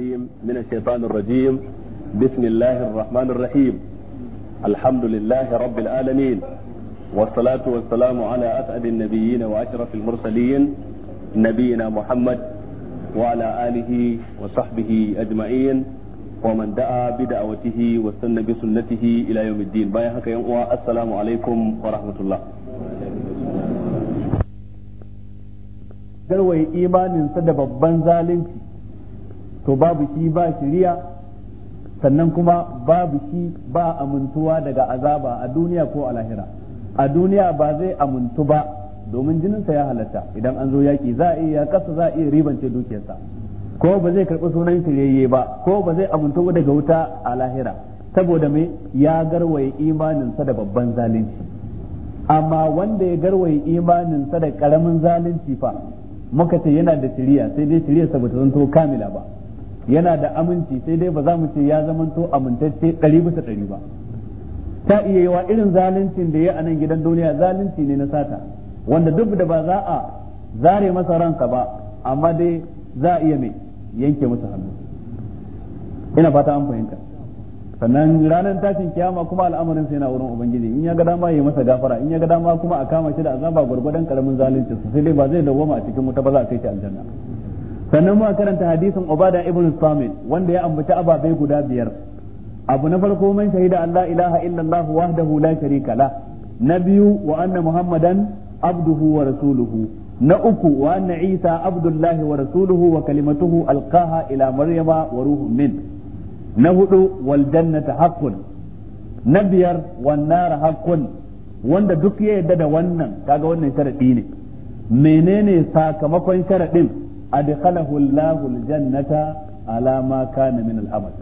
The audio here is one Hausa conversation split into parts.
الرجيم من الشيطان الرجيم بسم الله الرحمن الرحيم الحمد لله رب العالمين والصلاة والسلام على أسعد النبيين وأشرف المرسلين نبينا محمد وعلى آله وصحبه أجمعين ومن دعا بدعوته واستنى بسنته إلى يوم الدين بايحك يوم السلام عليكم ورحمة الله garwaye imaninsa da babban to babu shi ba shiriya sannan kuma babu shi ba amintuwa daga azaba a duniya ko a lahira a duniya ba zai amintu ba domin jininsa ya halatta idan an zo yaƙi za a iya kasa za a iya ribance dukiyarsa ko ba zai karɓi sunan shiryayye ba ko ba zai amintu daga wuta a lahira saboda mai ya garwaye imaninsa da babban zalunci amma wanda ya garwaye imaninsa da ƙaramin zalunci fa muka ce yana da shirya sai dai saboda zan zanto kamila ba yana da aminci sai dai ba za mu ce ya zamanto amintacce ɗari bisa ɗari ba ta iya yawa irin zaluncin da ya a nan gidan duniya zalunci ne na sata wanda duk da ba za a zare masa ransa ba amma dai za a iya mai yanke masa hannu ina fata an fahimta sannan ranar tashin kiyama kuma al'amarin sai na wurin ubangiji in ya ga dama yi masa gafara in ya ga dama kuma a kama shi da azaba gwargwadon karamin su sai dai ba zai dawoma a cikin wuta ba za a kai shi aljanna sannan muka karanta hadisin ubada ibn samit wanda ya ambaci ababai guda biyar abu na farko man shahida an la ilaha illallah wahdahu la sharika la na biyu wa anna muhammadan abduhu wa rasuluhu na uku wa anna isa abdullahi wa rasuluhu wa kalimatuhu alqaha ila maryama wa ruhun min na hudu wal jannata haqqun na biyar wan nar haqqun wanda duk ya yarda da wannan kaga wannan sharadi ne menene sakamakon sharadin adkhalahu Allahu aljannata ala ma kana min al'amal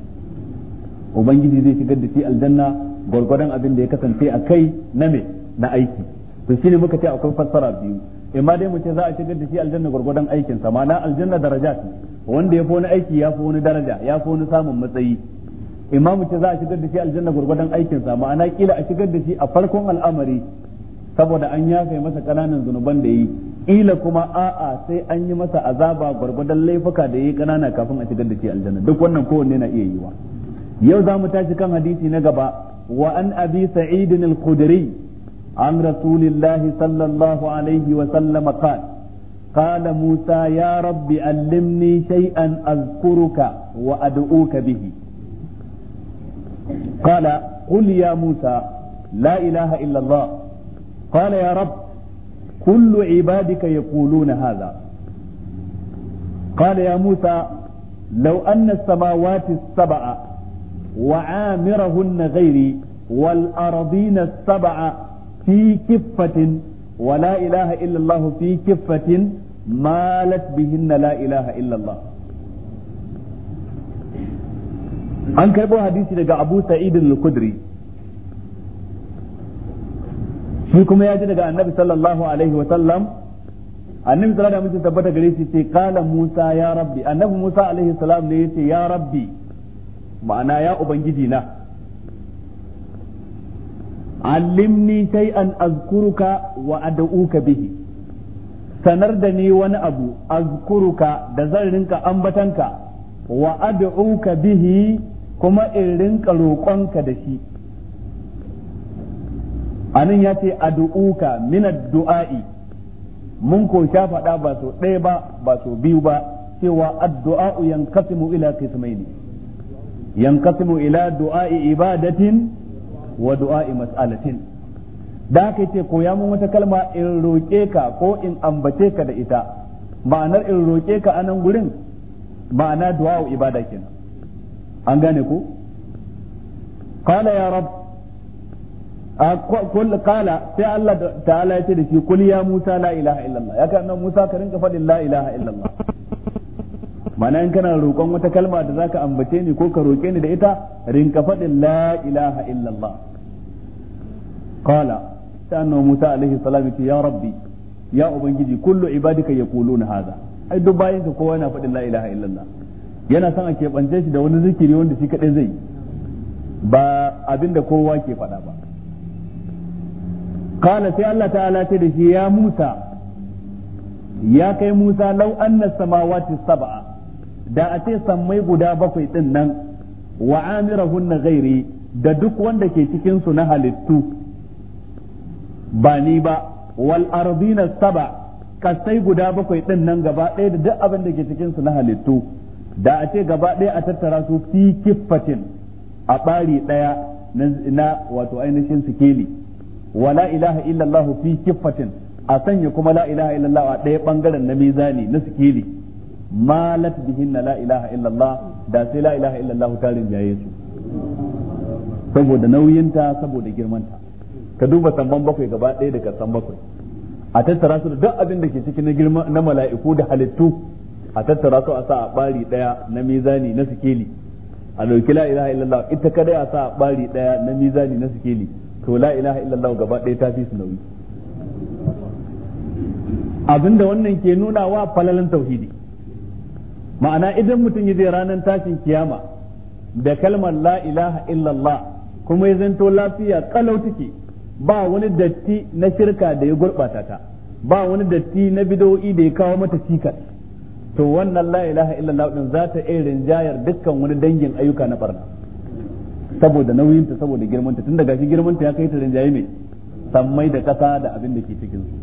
ubangiji zai shigar da shi aljanna gwargwadon abin da ya kasance a kai na me na aiki to shine muka ce akwai fassara biyu imma dai mu ce za a shigar da shi aljanna gwargwadon aikin sa ma'ana aljanna daraja darajat wanda ya fi wani aiki ya fi wani daraja ya fi wani samun matsayi imma mu ce za a shigar da shi aljanna gwargwadon aikin sa ma'ana kila a shigar da shi a farkon al'amari saboda an yafe masa kananan zunuban da yi kila kuma a'a sai an yi masa azaba gwargwadon laifuka da yi kanana kafin a shigar da shi aljanna duk wannan kowanne na iya yiwa yau za mu tashi kan hadisi na gaba wa an abi sa'id al-khudri an rasulillah sallallahu alaihi wa sallam qala qala musa ya rabbi allimni shay'an azkuruka wa ad'uka bihi qala qul ya musa la ilaha illa allah qala ya rabbi kullu ibadika yaquluna hadha qala ya musa law anna as-samawati as-sab'a wa 'amirahunna ghairi wal ardina as-sab'a fi kiffatin wa la ilaha illa allah fi kiffatin malat bihinna la ilaha illa allah an karbo hadisi daga abu sa'id al shi kuma ya ji daga annabi sallallahu alaihi wa sallam annabi sallallahu alaihi wa tabbata gare shi ce kala musa ya rabbi annabi musa alaihi salam ne yace ya rabbi ma'ana ya ubangiji na allimni shay'an azkuruka wa ad'uka bihi sanar da ni wani abu azkuruka da zan rinka ambatanka wa ad'uka bihi kuma in rinka roƙonka da shi anan ya ce ad'uka min duai mun ko sha faɗa ba so ɗaya ba ba so biyu ba cewa addu'a'u yanqasimu ila qismaini yanqasimu ila du'a'i ibadatin wa du'a'i mas'alatin da ce ko ya mun wata kalma in roƙe ka ko in ambace ka da ita ma'anar in roƙe ka anan gurin ma'ana du'a'u ibada kenan an gane ku qala ya rabb kala sai Allah ta'ala ya ce da shi kul ya Musa la ilaha illallah ya kan Musa ka rinka faɗin la ilaha illallah mana in kana roƙon wata kalma da zaka ambace ni ko ka roƙe ni da ita rinka faɗin la ilaha illallah kala sai annabi Musa alaihi salam ya rabbi ya ubangiji kullu ibadika yaquluna hadha ai duk bayan ka kowa yana faɗin la ilaha illallah yana son a keɓance shi da wani zikiri wanda shi kaɗai zai ba abinda kowa ke faɗa ba qala sai Allah ta'ala ce da shi ya Musa ya kai Musa law anna samawati sab'a da a ce sammai guda bakwai din nan wa amirahunna ghairi da duk wanda ke cikin su na halittu ba ni ba wal ardina sab'a kasai guda bakwai din nan gaba ɗaya da duk abin da ke cikin su na halittu da a ce gaba ɗaya a tattara su fi kiffatin a ɓari ɗaya na wato ainihin sikeli wa la ilaha fi kiffatin a sanya kuma la ilaha a ɗaya bangaren na mizani na sikeli malat bihin la ilaha da sai la ilaha ta rinjaye su saboda nauyinta saboda girmanta ka duba samban bakwai gaba ɗaya da kasan bakwai a tattara su da duk abin da ke cikin na girma mala'iku da halittu a tattara su a sa a ɓari ɗaya na mizani na sikeli a ɗauki la ilaha ita a sa a ɓari ɗaya na mizani na sikeli to la ilaha illallah gaba ɗaya ta fi su nauyi abinda wannan ke nuna wa falalan tauhidi ma'ana idan mutum ya je ranar tashin kiyama da kalmar la ilaha illallah kuma ya zanto lafiya kalau take ba wani datti na shirka da ya gurɓata ta ba wani datti na bidowi da ya kawo mata cikas to wannan la ilaha illallah din za ta iya rinjayar dukkan wani dangin ayyuka na barna saboda nauyinta saboda girmanta tun daga shi girmanta ya kai ta rinjaye ne. sammai da kasa da abin da ke cikin su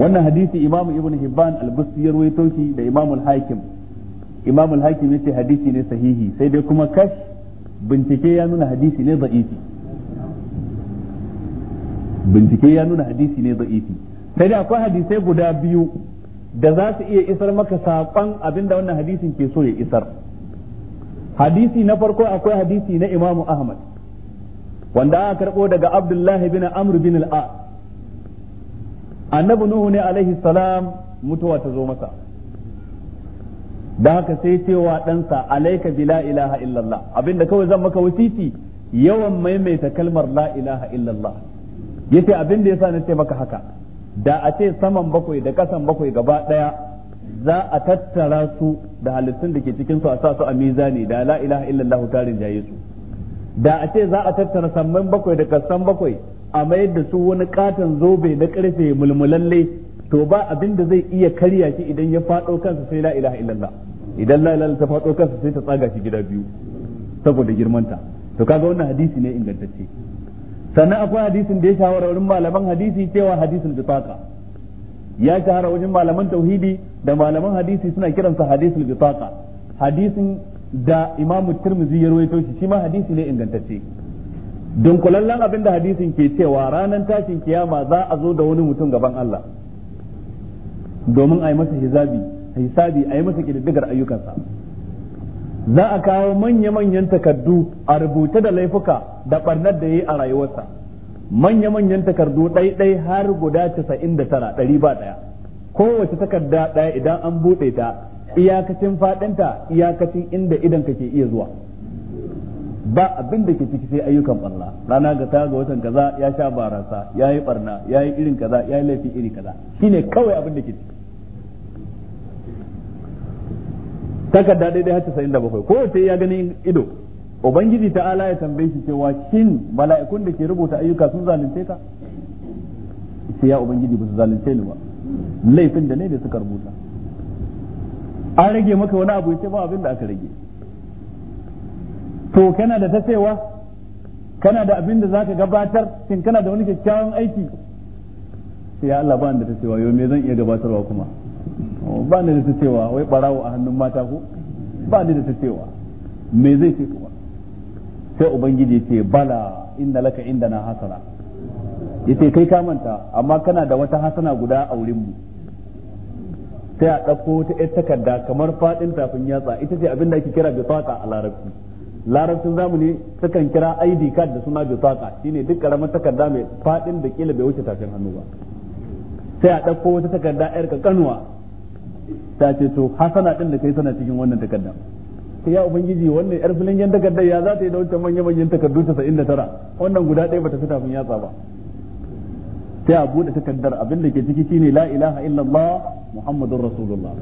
wannan hadisi imam ibn hibban al-busti ya rawaito shi da imam al-hakim imam al-hakim yace hadisi ne sahihi sai dai kuma kash bincike ya nuna hadisi ne da'ifi bincike ya nuna hadisi ne da'ifi sai dai akwai hadisai guda biyu da za su iya isar maka saƙon abinda wannan hadisin ke so ya isar hadisi na farko akwai hadisi na Imam Ahmad wanda aka karbo daga Abdullahi bin Amr bin al A annabi Nuhu ne alaihi salam mutuwa ta zo masa da haka sai cewa ɗansa alaika bi la ilaha illallah abinda kawai zan maka wasiti yawan maimaita kalmar la ilaha illallah yace abinda yasa na ce maka haka da a ce saman bakwai da kasan bakwai gaba daya za a tattara su da halittun da ke cikin su a sa su a mizani da la ilaha illallah tarin jaye su da a ce za a tattara samman bakwai da kasan bakwai a mayar da su wani katon zobe na karfe mulmulalle to ba abin da zai iya karya shi idan ya fado kansa sai la ilaha illallah idan la ilaha ta fado kansa sai ta tsaga shi gida biyu saboda girmanta to kaga wannan hadisi ne ingantacce sannan akwai hadisin da ya shawara wurin malaman hadisi cewa hadisin bitaka ya shahara wajen malaman tauhidi da malaman hadisi suna kiransa hadisul bitaqa hadisin da imam tirmizi ya rawaito shi shi ma hadisi ne ingantacce Don dunkulallen abin da hadisin ke cewa ranar tashin kiyama za a zo da wani mutum gaban Allah domin a yi masa hisabi hisabi a yi masa kididdigar ayyukansa za a kawo manya-manyan takardu a rubuta da laifuka da barnar da ya yi a rayuwarsa manya-manyan takardu ɗai-ɗai har guda casa'in da tara ɗari ba ɗaya kowace takarda ɗaya idan an buɗe ta iyakacin faɗinta iyakacin inda idan ka ke iya zuwa ba abin da ke ciki sai ayyukan ɓalla rana ga ta ga watan kaza ya sha barasa ya yi ɓarna ya yi irin kaza ya yi laifi iri kaza shine kawai abin da ke ciki takarda daidai har casa'in da bakwai kowace ya ganin ido ubangiji Ala ya tambaye shi cewa shin mala'ikun da ke rubuta ayyuka sun zalunce ka sai ya ubangiji ba su zalunce ni ba laifin da ne da suka rubuta an rage maka wani abu sai ba abin da aka rage to kana da ta kana da abin da za ka gabatar shin kana da wani kyakkyawan aiki sai ya Allah ba ni da ta cewa yau me zan iya gabatarwa kuma oh, ba ni da ta cewa wai barawo a hannun mata ko ba ni da ta cewa me zai ce kuma sai ubangiji ce bala inna laka indana hasana yace kai ka manta amma kana da wata hasana guda a wurin mu sai a ɗauko ta yar takarda kamar faɗin tafin yatsa ita ce abin da ake kira bitaka a larabci larabcin zamani sukan kira ID card da suna bitaka shine duk karamar takarda mai faɗin da kila bai wuce tafin hannu ba sai a ɗauko wata takarda yar kanuwa ta ce to hasana din da kai sana cikin wannan takardar ya ubangiji wannan yar filin yan takardar ya za ta yi da wancan manya manyan takardu da tara wannan guda ɗaya bata fita mun yatsa ba sai a buɗe takardar abin da ke ciki shine la ilaha illallah muhammadur rasulullah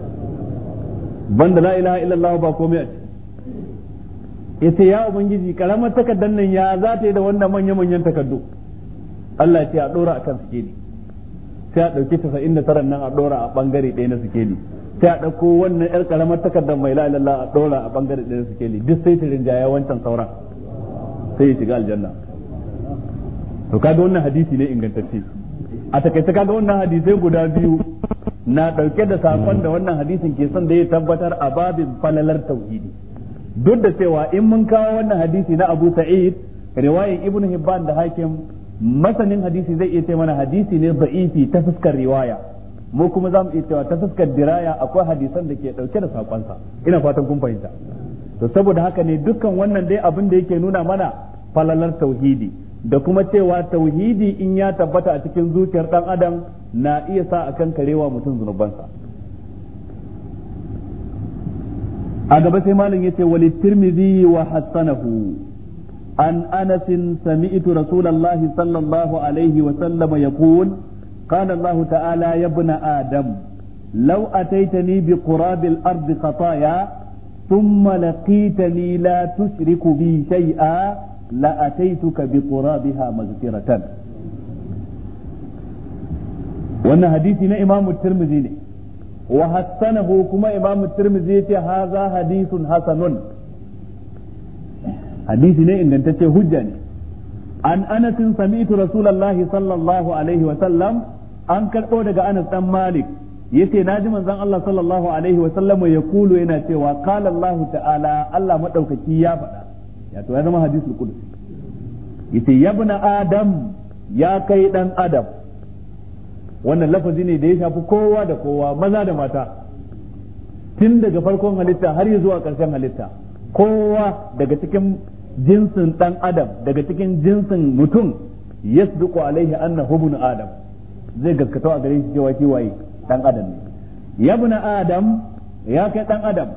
banda la ilaha illallah ba komai a ciki ce ya ubangiji karamar takardar nan ya za ta yi da wannan manya manyan takardu Allah ya ce a ɗora a kan ne sai a da 99 nan a ɗora a bangare ɗaya na sikeli. ne ta ɗauko wannan yar karamar takardar mai la'ilalla a ɗora a bangare ɗin su keli duk sai ta rinjaya wancan sauran sai ya shiga aljanna to kaga wannan hadisi ne ingantacce a takaice kaga wannan hadisai guda biyu na ɗauke da sakon da wannan hadisin ke son da ya tabbatar a babin falalar tauhidi duk da cewa in mun kawo wannan hadisi na Abu Sa'id riwayar Ibn Hibban da Hakim masanin hadisi zai iya ce mana hadisi ne za'ifi ta fuskar riwaya mu kuma za mu iya cewa ta fuskar diraya akwai hadisan da ke dauke da sakonsa ina fatan kun fahimta to saboda haka ne dukkan wannan dai abin da yake nuna mana falalar tauhidi da kuma cewa tauhidi in ya tabbata a cikin zuciyar dan adam na iya sa a kan karewa mutum zunubansa a gaba sai malam yace wali tirmidhi wa hasanahu an anas sami'tu rasulullahi sallallahu alaihi wa sallama yaqul قال الله تعالى يا ابن آدم لو أتيتني بقراب الأرض خطايا ثم لقيتني لا تشرك بي شيئا لأتيتك بقرابها مغفرة وأن حديثنا إمام الترمذي وحسنه كما إمام الترمذي هذا حديث حسن حديثنا إن أنت هجني عن أنس سمعت رسول الله صلى الله عليه وسلم an karɓo daga Anas dan Malik yace ji manzon Allah sallallahu alaihi wa sallam ya kulu yana cewa qala Allah ta'ala Allah madaukaki ya faɗa ya to ya zama hadisul qudsi yace yabna adam ya kai dan adam wannan lafazi ne da ya shafi kowa da kowa maza da mata tun daga farkon halitta har zuwa ƙarshen halitta kowa daga cikin jinsin dan adam daga cikin jinsin mutum yasduqu alaihi annahu ibn adam zai gaskata a gare shi cewa shi waye dan adam ne ya ibn adam ya kai dan adam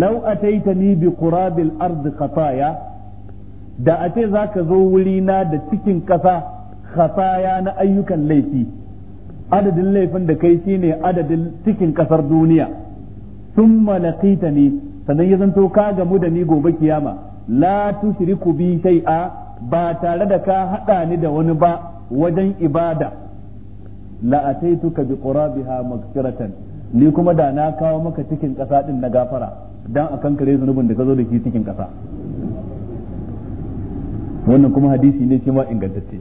law ataitani bi qurabil ardi khataya da a ce za ka zo wuri na da cikin kasa khataya na ayyukan laifi adadin laifin da kai shine adadin cikin ƙasar duniya thumma ne sannan ya zanto ka gamu da ni gobe kiyama la tushriku bi shay'a ba tare da ka hada ni da wani ba wajen ibada la ataituka bi qurabiha maghfiratan ni kuma da na kawo maka cikin kasa din na gafara dan akan kare zanubin da ka zo da shi cikin kasa wannan kuma hadisi ne shi ma ingantacce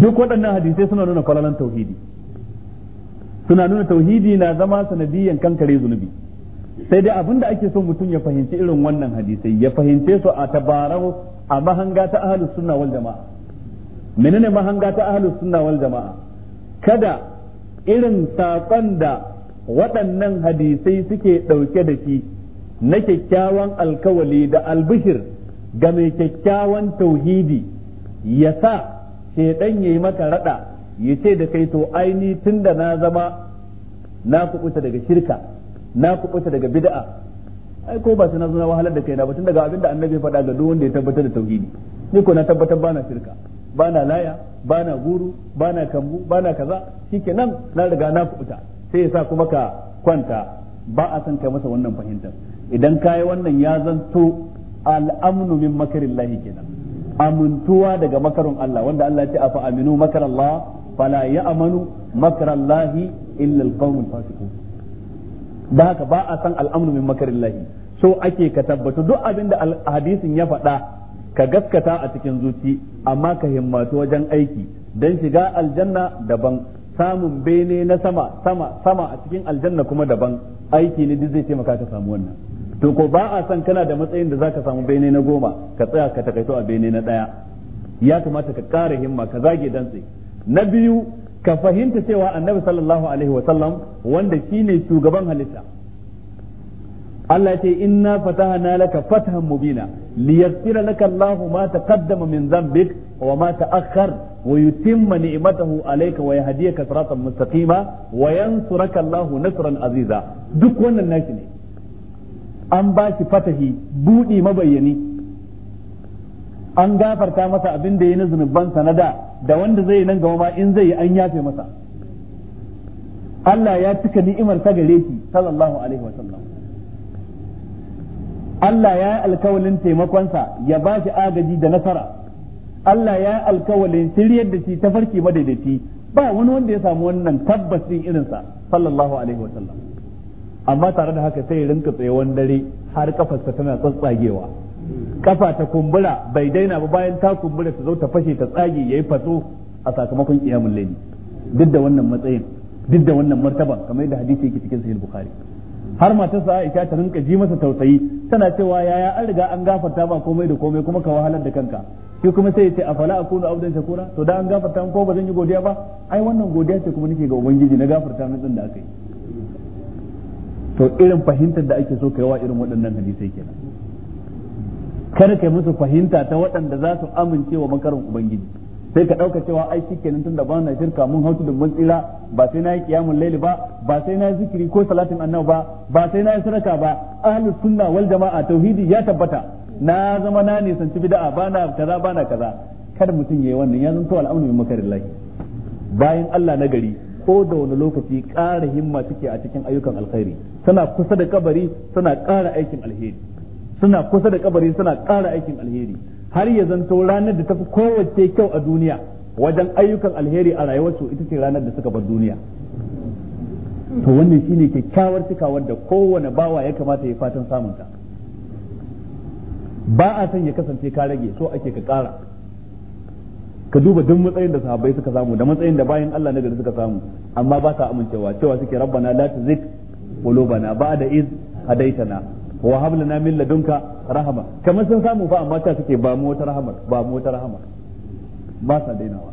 duk waɗannan hadisai suna nuna kwalalan tauhidi suna nuna tauhidi na zama sanadiyan kankare zunubi sai dai abinda ake so mutum ya fahimci irin wannan hadisai ya fahimce su a tabarau a mahanga ta ahlus sunna wal jama'a menene mahanga ta ahlus sunna wal jama'a kada irin saƙon da waɗannan hadisai suke ɗauke da shi na kyakkyawan alkawali da albishir ga mai kyakkyawan tauhidi ya sa shaidan ya yi maka raɗa ya ce da kai to aini tun da na zama na kuɓuta daga shirka na kuɓuta daga bid'a ai ko ba su na wahalar da kaina ba tun daga abin da annabi faɗa ga duk wanda ya tabbatar da tauhidi ni ko na tabbatar ba na shirka bana laya bana guru bana kambu bana kaza nan na riga na kubuta sai ya sa kuma ka kwanta ba a san kai masa wannan fahimtar idan ka yi wannan ya zanto al'amnu min makarillahi kenan amintuwa daga makarin Allah wanda Allah ya ce afa aminu Allah fala makar Allah illa alqawmul fasiqun da haka ba a san al'amnu min makarillahi so ake ka tabbata duk abin da hadisin ya faɗa ka gaskata a cikin zuci amma ka himmatu wajen aiki dan shiga aljanna daban samun bene na sama sama sama a cikin aljanna kuma daban aiki ne duk zai taimaka ka samu wannan to ko ba a san kana da matsayin da zaka samu bene na goma ka tsaya ka takaito a bene na daya ya kamata ka ƙara himma ka zage dantse na biyu ka fahimta cewa annabi sallallahu alaihi wa sallam wanda shine shugaban halitta Allah ce inna fatahana laka fathan mubina liyaghfira laka Allahu ma taqaddama min dhanbik wa ma ta'akhkhar wa yutimma ni'matahu alayka wa yahdiyaka siratan mustaqima wa yansuraka Allahu nasran aziza duk wannan nashi ne an ba shi fatahi budi mabayyani an gafarta masa abin da ya na zunuban sanada da wanda zai nan gaba ma in zai yi an yafe masa Allah ya cika ni'imar ta gare shi sallallahu alaihi wa sallam Allah ya yi alkawalin taimakonsa ya ba shi agaji da nasara Allah ya yi alkawalin shiryar da shi tafarki madaidaici ba wani wanda ya samu wannan tabbas din irinsa sallallahu alaihi wasallam amma tare da haka sai rinka tsayawan dare har kafarsa tana tsatsagewa kafa ta kumbura bai daina ba bayan ta kumbura ta zo ta fashe ta tsage yayi faso a sakamakon kiyamul layli duk da wannan matsayin duk da wannan martaban kamar yadda hadisi yake cikin sahih bukhari har sa Aisha ta rinka ji masa tausayi tana cewa yaya an riga an gafarta ba komai da komai kuma ka wahalar da kanka shi kuma sai ya ce afala akunu abdan shakura to da an gafarta ko ba zan yi godiya ba ai wannan godiya ce kuma nake ga ubangiji na gafarta na din da aka yi to irin fahimtar da ake so kai wa irin waɗannan hadisai kenan kada kai musu fahimta ta waɗanda za su amince wa makarin ubangiji sai ka ɗauka cewa ai tun da ba na shirka mun hautu da mun tsira ba sai na yi kiyamun laili ba ba sai na yi zikiri ko salatin annabi ba ba sai na yi sadaka ba ahlus sunna wal jama'a tauhidi ya tabbata na zama na nisanci bid'a ba na kaza ba na kaza kada mutum yayi wannan ya zanto al'amuri min makarillahi bayan Allah na gari ko da wani lokaci ƙara himma suke a cikin ayyukan alkhairi suna kusa da kabari suna ƙara aikin alheri suna kusa da kabari suna ƙara aikin alheri har ya zanto ranar da ta fi kowace kyau a duniya wajen ayyukan alheri a rayuwarsu ita ce ranar da suka bar duniya to wannan shine kyakkyawar cikawar da kowane bawa ya kamata ya fatan samun ta ba a son ya kasance ka rage so ake ka kara ka duba duk matsayin da sahabbai suka samu da matsayin da bayan Allah na gari suka samu amma ba sa amincewa cewa suke rabbana la bana qulubana ba'da iz hadaitana wa habla na min ladunka rahama kamar sun samu fa amma ta suke ba mu wata rahama ba mu wata rahama ba sa dainawa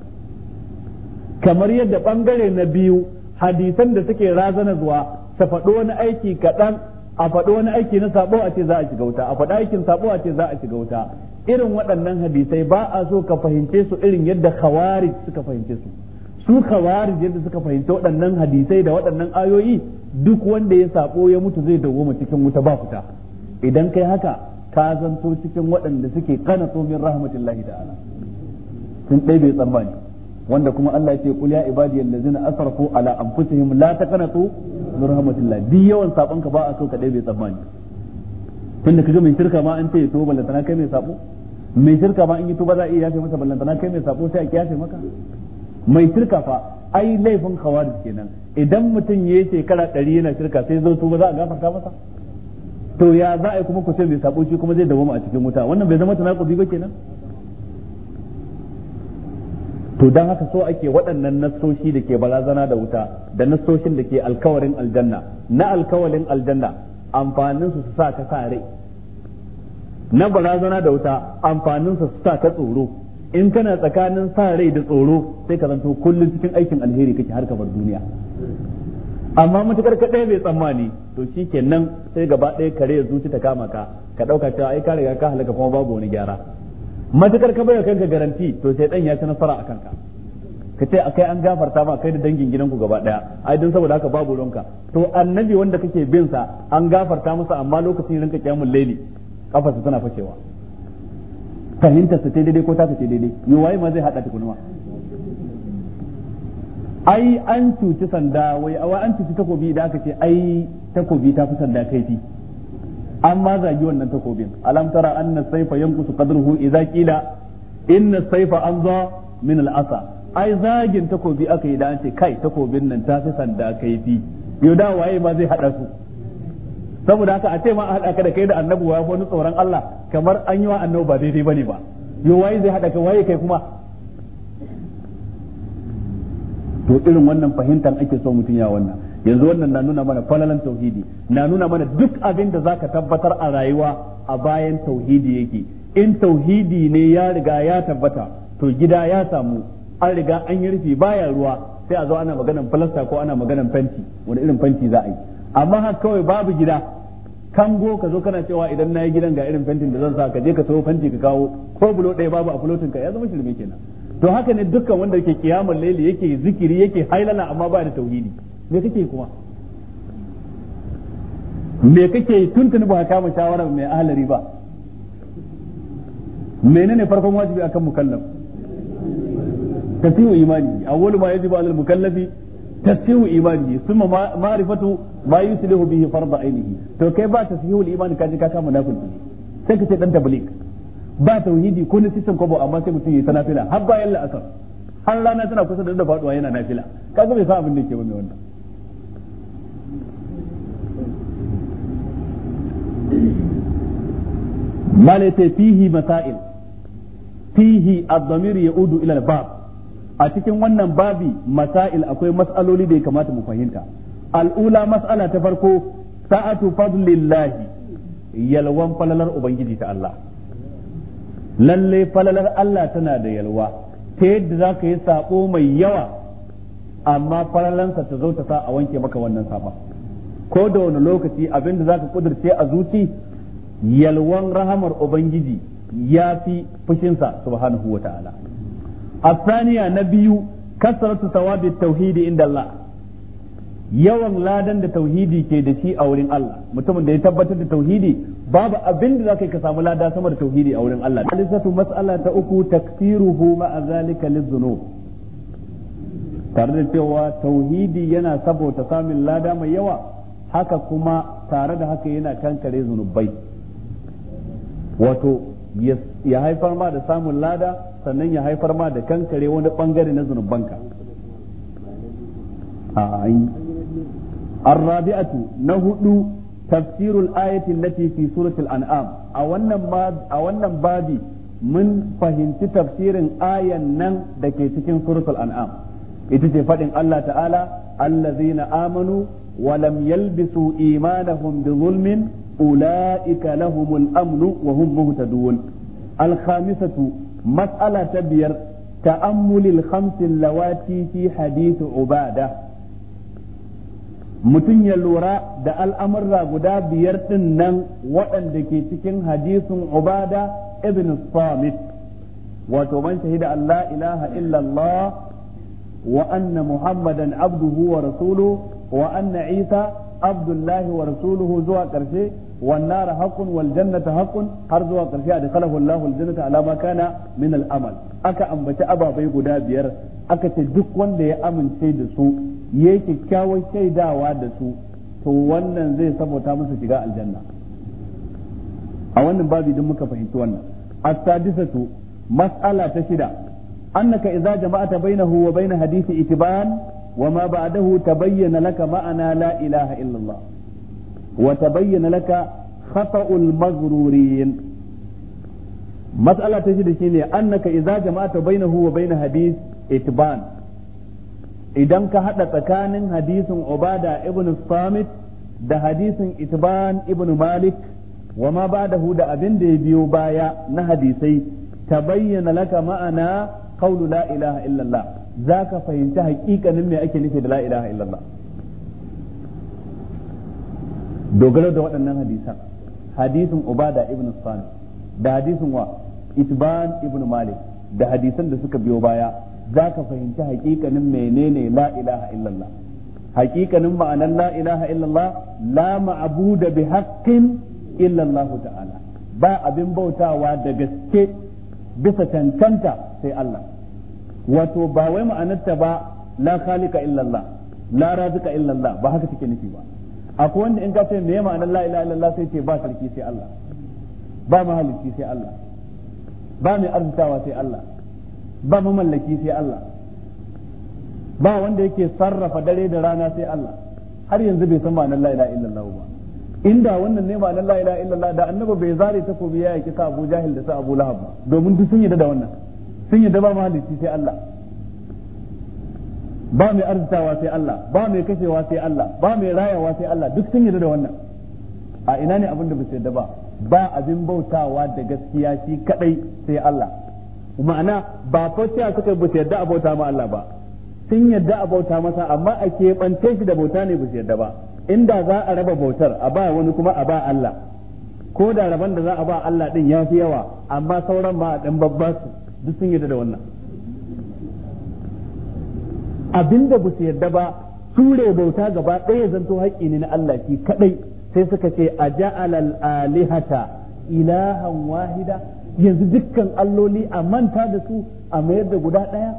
kamar yadda bangare na biyu hadisan da suke razana zuwa ta faɗo wani aiki kaɗan a faɗo wani aiki na sabo a ce za a shiga wuta a faɗa aikin sabo a ce za a shiga wuta irin waɗannan hadisai ba a so ka fahimce su irin yadda khawarij suka fahimce su su khawarij yadda suka fahimce waɗannan hadisai da waɗannan ayoyi duk wanda ya sabo ya mutu zai dawoma cikin wuta ba fita idan kai haka ka zanto cikin waɗanda suke kana min rahmatullahi ta'ala sun dai bai tsammani wanda kuma Allah ya ce kul ya ibadiy allazina asrafu ala anfusihim la taqnatu min rahmatillah bi yawan sabon ka ba a so ka dai bai tsammani tunda kaga mai shirka ma an ce ya toba lantana kai mai sabo mai shirka ma an yi tuba za a iya yafe masa ballantana kai mai sabo sai a kiyafe maka mai shirka fa ai laifin kawar kenan idan mutum ya yi shekara ɗari yana shirka sai zo tuba za a gafarta masa to ya za a yi kuma kusur mai sabo shi kuma zai dawoma a cikin wuta wannan bai zama tanakudi ba kenan to dan haka so ake waɗannan nassoshi da ke barazana da wuta da nassoshin da ke alkawarin aljanna na alkawarin aljanna amfanin su sa ka sa rai na barazana da wuta amfanin su sa ka tsoro in kana tsakanin sa rai da tsoro sai ka zanto kullum cikin aikin alheri kake har ka bar duniya amma matukar ka ɗaya bai tsammani to shi kenan sai gaba ɗaya kare ya zuci ta kama ka ka ɗauka cewa ai ka riga ka halaka kuma babu wani gyara matukar ka baiwa kanka garanti to sai ɗan ya ci nasara a kanka ka ce a kai an gafarta ma kai da dangin gidanku gaba ɗaya ai don saboda haka babu ka to annabi wanda kake bin sa an gafarta masa amma lokacin rinka kiyamul laili kafarsa tana fashewa fahimtar su ta daidai ko taka ce daidai yo waye ma zai hada ta kunuma ai an cuci sanda wai wai an cuci takobi da aka ce ai takobi ta fi sanda kaifi an ma zagi wannan takobin alam tara anna sayfa yanqusu qadruhu idza qila inna sayfa anza min al-asa ai zagin takobi aka yi da an ce kai takobin nan ta fi sanda kaifi yo da waye ma zai hada su saboda haka a ce ma a hada ka da kai da annabi wa wani tsoron Allah kamar an yi wa annabi ba daidai bane ba yo waye zai hada ka waye kai kuma to irin wannan fahimtar ake so mutum ya wannan yanzu wannan na nuna mana falalan tauhidi na nuna mana duk abin da zaka tabbatar a rayuwa a bayan tauhidi yake in tauhidi ne ya riga ya tabbata to gida ya samu an riga an yi rufi baya ruwa sai a zo ana maganan falasta ko ana maganan fenti wani irin fenti za a yi amma haka kawai babu gida kango ka zo kana cewa idan na yi gidan ga irin fentin da zan sa ka je ka sayo fenti ka kawo ko bulo ɗaya babu a fulotin ka ya zama shirme kenan to haka ne dukkan wanda yake kiyamar laili yake zikiri yake hailala amma ba da tauhidi me kake kuma me kake tuntuni ba kama shawarar mai ahlari ba menene farkon wajibi akan mukallaf tasihu imani awwalu ma yajibu alal mukallafi tasihu imani summa ma'rifatu ma yuslihu bihi fardu ainihi to kai ba imani ka ji ka ka ba tauhidi ko na sisan kwabo amma sai mutum ya ta nafila har bayan la'asar har rana tana kusa da faduwa yana nafila kaga bai sa abin da ke mai wannan fihi masail fihi ad ila bab a cikin wannan babi masail akwai mas'aloli da ya kamata mu fahimta al'ula mas'ala ta farko sa'atu fadlillahi yalwan falalar ubangiji ta Allah lalle falalar Allah tana da yalwa ta yadda za ka yi sako mai yawa amma falalansa ta zo ta sa a wanke maka wannan safa ko da wani lokaci abinda za ka kudurce a zuci yalwan rahamar ubangiji ya fi fushinsa subhanahu wa ta'ala الثانية نبيو كثرة ثواب التوحيد عند الله yawan ladan da tauhidi ke da shi a wurin Allah mutumin da ya tabbatar da tauhidi babu abin da zaka ka samu lada sama da tauhidi a wurin Allah alisatu mas'ala ta uku takfiruhu ma azalika lizunub tare da cewa tauhidi yana saboda samun lada mai yawa haka kuma tare da haka yana kankare zunubai wato ya haifar ma da samun lada sannan ya haifar ma da kankare wani bangare na zunubanka الرابعة نهدو تفسير الآية التي في سورة الأنعام أولا أولا بادي من فهمت تفسير آية نن دكيتكين سورة الأنعام إتتي فإن الله تعالى الذين آمنوا ولم يلبسوا إيمانهم بظلم أولئك لهم الأمن وهم مهتدون الخامسة matsala ta biyar ta'ammulil khamsin lawati fi hadith ubada mutum ya lura da al'amurra guda biyar din nan waɗanda ke cikin hadisin obada ibn samit wato man shahida Allah ilaha illallah wa anna muhammadan abduhu wa rasuluhu wa anna isa abdullahi wa rasuluhu zuwa ƙarshe wan nar haqqun wal jannatu har zuwa karshe a dakalahu Allahu al jannata kana min al amal aka ambaci ababai guda biyar aka ce duk wanda ya amince da su yayi kyakkyawan shaidawa da su to wannan zai sabota masa shiga aljanna a wannan babi din muka fahimci wannan as-sadisatu mas'ala ta shida annaka idza jama'ata bainahu wa bain hadisi itban wa ma ba'dahu tabayyana laka ma'ana la ilaha illallah وتبين لك خطأ المغرورين مسألة ta شيني أنك إذا جمعت بينه وبين حديث إتبان idan ka haɗa tsakanin hadisin Obada, Ibnu Samit da hadisin Itban Ibnu Malik wa ma ba da da abin da ya biyo baya na hadisai ta bayyana laka ma'ana qawlu la illallah za ka fahimci haƙiƙanin me ake nufi da la illallah dogaro da waɗannan hadisan hadisin ubada ibn sani da hadisin wa itban ibn malik da hadisan da suka biyo baya za ka fahimci hakikanin menene la ilaha illallah hakikanin ma'anar la ilaha illallah la ma'abuda bi haqqin illallah ta'ala ba abin bautawa da gaske bisa cancanta sai Allah wato ba wai ma'anarta ba la khaliqa illallah la razika illallah ba haka take nufi ba akwai wanda in ka ce me ma'anar la ilaha illallah sai ce ba sarki sai Allah ba mahalicci sai Allah ba mai arzikawa sai Allah ba mamallaki sai Allah ba wanda yake sarrafa dare da rana sai Allah har yanzu bai san ma'anar la ilaha illallah ba inda wannan ne ma'anar la ilaha illallah da annabi bai zare takobi ya yaki sa Abu Jahil da sa Abu Lahab domin duk sun yi da wannan sun yi da ba mahalicci sai Allah ba mai arzikawa sai Allah ba mai kashewa sai Allah ba mai rayawa sai Allah duk sun yarda da wannan a ina ne abin da ba sai ba ba abin bautawa da gaskiya shi kadai sai Allah ma'ana ba fasiya suka ba su yarda a bauta ma Allah ba sun yarda a bauta masa amma a keɓance shi da bauta ne ba su yarda ba inda za a raba bautar a ba wani kuma a ba Allah ko da raban da za a ba Allah din ya fi yawa amma sauran ma a ɗan babba su duk sun yarda da wannan abinda ba su yarda ba ture bauta gaba ɗaya zanto haƙƙi ne na Allah shi kaɗai sai suka ce a ja'alal alihata ilahan wahida yanzu dukkan alloli a manta da su a mayar da guda ɗaya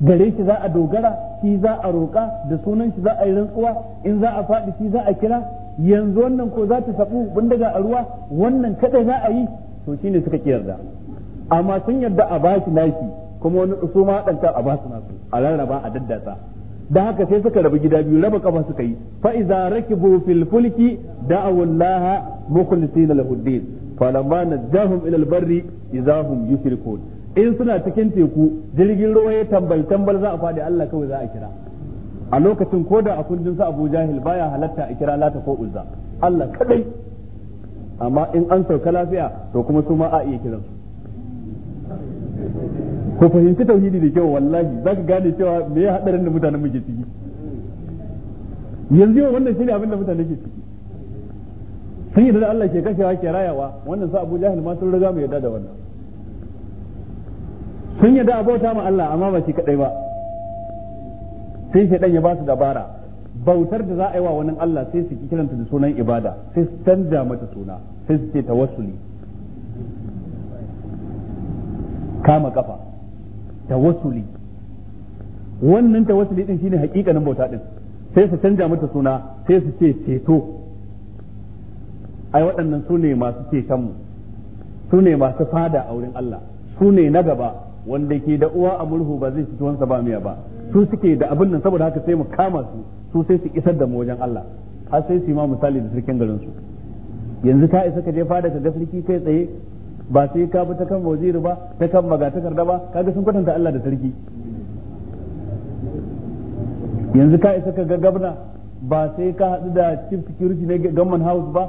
gare shi za a dogara shi za a roƙa da sunan shi za a yi rantsuwa in za a faɗi shi za a kira yanzu wannan ko za ta sabu daga a ruwa wannan kaɗai za a yi to shine suka ƙi yarda amma sun yarda a bashi nashi kuma wani su ta a basu nasu a rarraba a daddasa da haka sai suka rabu gida biyu raba kafa suka yi fa iza rakibu fil fulki da'aw Allah mukhlisin lahu din falamma najahum ila al barri idza hum yushrikun in suna cikin teku jirgin ruwa ya tambal tambal za a fadi Allah kawai za a kira a lokacin ko da a kundin sa Abu Jahil baya halatta a kira Lata ko Uzza Allah kadai amma in an sauka lafiya to kuma su ma a iya kiransu ko fahimci tauhidi da kyau wallahi za ka gane cewa me ya hadarin da mutanen muke ciki yanzu yau wannan shine abin da mutane ke ciki sun yi da Allah ke kashewa ke rayawa wannan sa Abu Jahil ma sun riga mu yadda da wannan sun yadda abota ma Allah amma ba shi kadai ba sai dan ya ba su dabara bautar da za a yi wa wani Allah sai su kiranta da sunan ibada sai su canza mata suna sai su ce tawassuli kama kafa tawassuli wannan tawassuli din shine hakikanin bauta din sai su canja mata suna sai su ce ceto ai waɗannan su ne masu mu su ne masu fada a wurin Allah su ne na gaba wanda ke da uwa a murhu ba zai fito wansa ba miya ba su suke da abin nan saboda haka sai mu kama su su sai su isar da mu wajen Allah har sai su yi ma misali da sarkin garin su yanzu ka isa ka je fada ka ga sarki kai tsaye ba sai ka bi ta kan waziri ba ta kan magatakarda ba kaga sun kwatanta Allah da sarki yanzu ka isa ka ga gabna ba sai ka haɗu da chief security na government house ba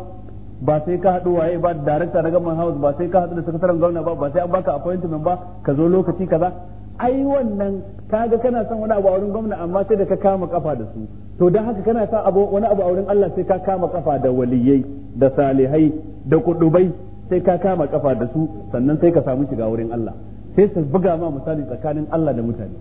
ba sai ka haɗu waye ba director na government house ba sai ka haɗu da sakataren gwamna ba ba sai an baka appointment ba ka zo lokaci kaza ai wannan kaga kana son wani abu a wurin gwamna amma sai da ka kama kafa da su to dan haka kana son abu wani abu a wurin Allah sai ka kama kafa da waliyai da salihai da kudubai sai ka kama kafa da su sannan sai ka samu shiga wurin Allah sai su buga ma misali tsakanin Allah da mutane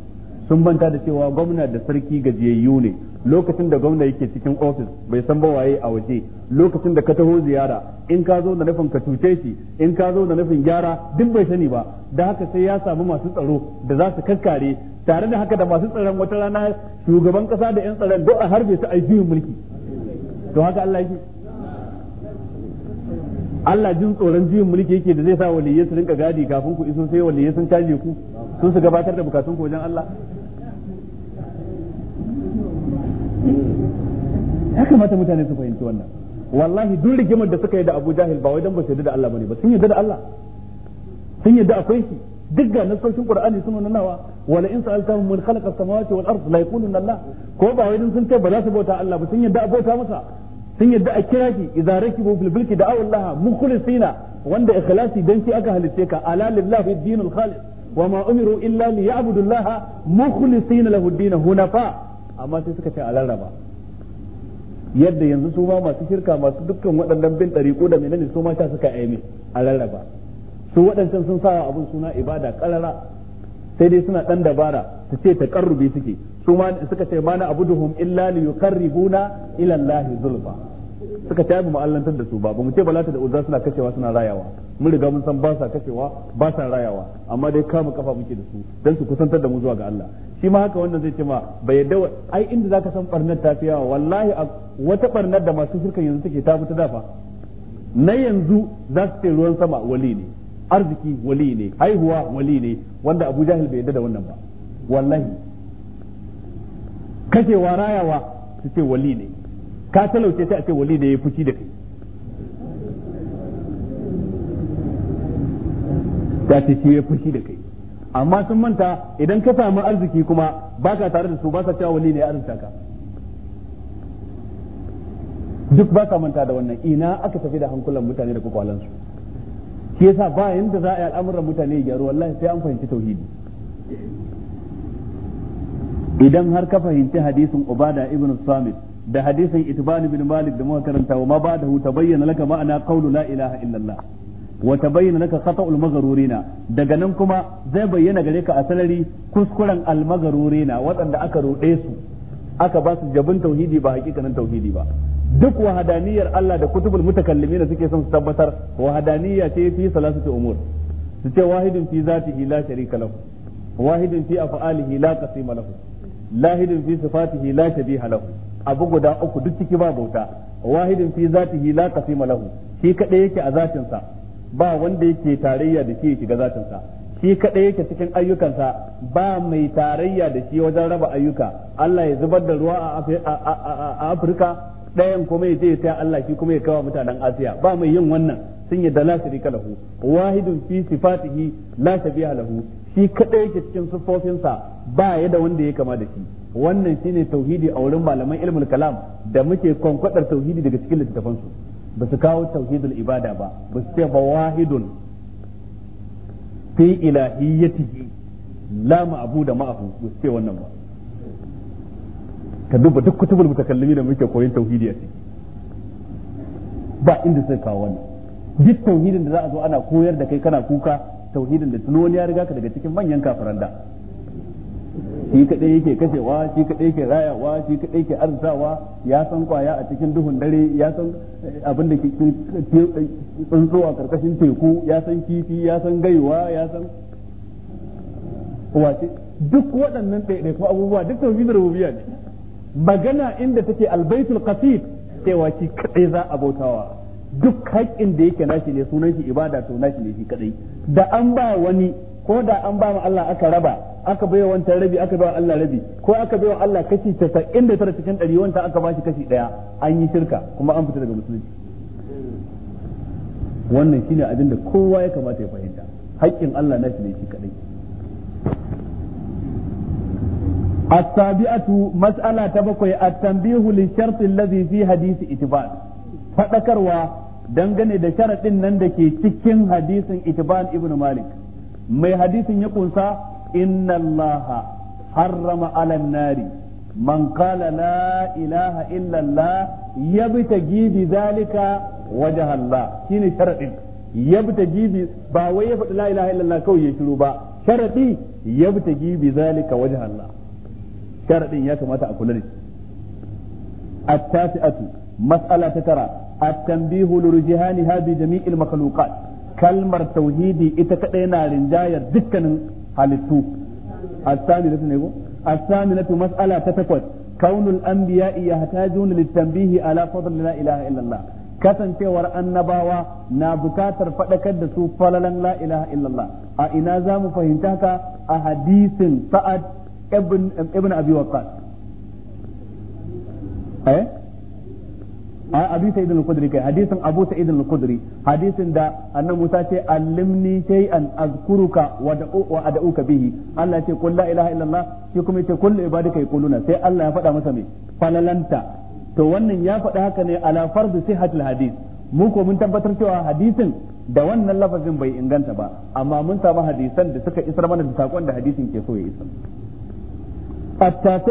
sun banta da cewa gwamna da sarki gajiyayyu ne lokacin da gwamna yake cikin ofis bai san ba waye a waje lokacin da ka taho ziyara in ka zo da nufin ka cuce shi in ka zo da nufin gyara duk bai sani ba da haka sai ya samu masu tsaro da za su kakkare tare da haka da masu tsaron wata rana shugaban kasa da yan tsaron duk a harbe su a mulki to haka Allah yake Allah jin tsoron juyin mulki yake da zai sa waliyai su rinka gadi kafin ku isun sai waliyai sun taje ku sun su gabatar da bukatun ku wajen Allah ya kamata mutane su fahimci wannan wallahi duk rigimar da suka yi da Abu Jahil ba wai dan ba su da Allah bane ba sun yarda da Allah sun yarda akwai shi duk ga nasoshin Qur'ani sun nunawa wala in sa'altahum mun khalaqa samawati wal ard la yaqulunna Allah ko ba wai sun ce ba za su bauta Allah ba sun yarda abota masa sun yadda a kira ki idza rakibu fil fulki da awallaha mukhlisina wanda ikhlasi dan shi aka halitte ka ala lillahi dinul khalis wa ma umiru illa liya'budullaha mukhlisina lahu din hunafa amma sai suka ce laraba. yadda yanzu su ma masu shirka masu dukkan waɗannan bin ɗariƙo da menene su ma ta suka aime a laraba su waɗancan sun sa abin suna ibada ƙarara sai dai suna ɗan dabara su ce ta ƙarrubi suke su ma suka ce mana abuduhum illa li yuqarribuna ila Allah zulfa suka tabi mu'allantar da su ba ba mu ce balata da uzza suna kashewa suna rayawa mun riga mun san ba sa kashewa ba sa rayawa amma dai kama kafa muke da su dan su kusantar da mu zuwa ga Allah shi ma haka wannan zai ce ma bai yadda ai inda zaka san barnar ta fi yawa wallahi wata barnar da masu shirkan yanzu take ta fita dafa na yanzu za su ce ruwan sama wali ne arziki wali ne haihuwa wali ne wanda Abu Jahil bai yadda da wannan ba wallahi kashewa rayawa su ce wali ne ka talauce ta a ce wali da ya fushi da kai ta ce shi ya fushi da kai amma sun manta idan ka samu arziki kuma baka tare da su ba sa cewa wali ne ya arzuta ka duk ba ka manta da wannan ina aka tafi da hankulan mutane da kwakwalansu shi yasa ba yanda za a yi al'amuran mutane ya gyaru wallahi sai an fahimci tauhidi idan har ka fahimci hadisin ubada ibn samit da hadisin itban bin malik da muka karanta wa ma ba'dahu tabayyana laka ma'ana qawlu la ilaha illallah wa tabayyana laka khata'ul maghrurina daga nan kuma zai bayyana gare ka a salari kuskuren al maghrurina waɗanda aka ruɗe su aka ba su jabin tauhidi ba hakikanin tauhidi ba duk wahadaniyar Allah da kutubul mutakallimin suke son su tabbatar wahadaniya ce fi salasati umur su ce wahidun fi zatihi la sharika lahu wahidun fi af'alihi la qasima lahu lahidun fi sifatihi la shabiha lahu abu guda uku duk ciki ba bauta wahidin fi zatihi la qasima lahu shi kadai yake a zatin ba wanda yake tarayya da shi shiga zatin sa shi kadai yake cikin ayyukansa ba mai tarayya da shi wajen raba ayyuka Allah ya zubar da ruwa a Afirka ɗayan kuma ya je ya taya Allah shi kuma ya kawo mutanen Asiya ba mai yin wannan sun da la rika lahu wahidun fi sifatihi la shabiha lahu shi kadai yake cikin sufofinsa ba ya da wanda ya kama da shi wannan shine tauhidi a wurin malaman ilmul kalam da muke kwankwadar tauhidi daga cikin littafan su ba su kawo tauhidul ibada ba ba su ce ba wahidun fi ilahiyyatihi la ma'budu ma'ahu ba su ce wannan ba ka duba duk kutubul mutakallimi da muke koyon tauhidi a ciki ba inda sai kawo wannan duk tauhidin da za a zo ana koyar da kai kana kuka tauhidin da tuno wani ya riga ka daga cikin manyan kafiran shi kadai yake kashewa shi kadai yake rayawa shi kadai yake arzawa ya san kwaya a cikin duhun dare ya san eh, abin da ke eh, tsuntsuwa a karkashin teku ya san kifi ya san gaiwa ya san wace duk waɗannan ko abubuwa duk tauhidin rububiyya ne magana inda take albaitul qasid cewa shi kaɗai za a bautawa duk haƙƙin da yake nashi ne sunan shi ibada to nashi ne shi kadai da an ba wani ko da an ba ma Allah aka raba aka baiwa wancan rabi aka baiwa Allah rabi ko aka baiwa Allah kashi 99 cikin 100 wanta aka bashi kashi daya an yi shirka kuma an fita daga musulunci wannan shine abin da kowa ya kamata ya fahimta haƙƙin Allah na shi ne shi kadai bakwai, at-tanbihu li للشرط alladhi fi حديث اتبان fadakarwa dangane da sharaɗin nan da ke cikin hadisin itiban ibnu malik mai hadisin ya kunsa inna allaha harrama ala nari man qala la ilaha illa allah yabtagi zalika wajha allah shine sharadin yabtagi bi ba wai ya faɗi la ilaha illa kawai ya shiru ba sharadi yabtagi bi zalika wajha allah sharadin ya kamata a التاسعة مسألة ترى التنبيه لرجهانها بجميع المخلوقات kalmar tauhidi ita kadai na rinjayar dukkanin halittu as-saminatu ne go as-saminatu mas'ala ta takwas kaunul anbiya'i yahtajuna litanbihi ala fadl la ilaha illallah kasancewar annabawa na bukatar faɗakar da su falalan la ilaha illallah a ina za mu fahimta ka a hadisin sa'ad ibn abi Abu sa'id al kai hadisin abu sa'id al hadisin da annan Musa ce allimni shay'an azkuruka wa ad'uka bihi Allah ce kulla la ilaha illallah shi kuma ya kulla kullu kai kuluna sai Allah ya faɗa masa mai falalanta to wannan ya faɗi haka ne ala sai sihhatil hadis mu ko mun tabbatar cewa hadisin da wannan lafazin bai inganta ba amma mun samu hadisan da suka isar mana da sakon da hadisin ke so ya isar.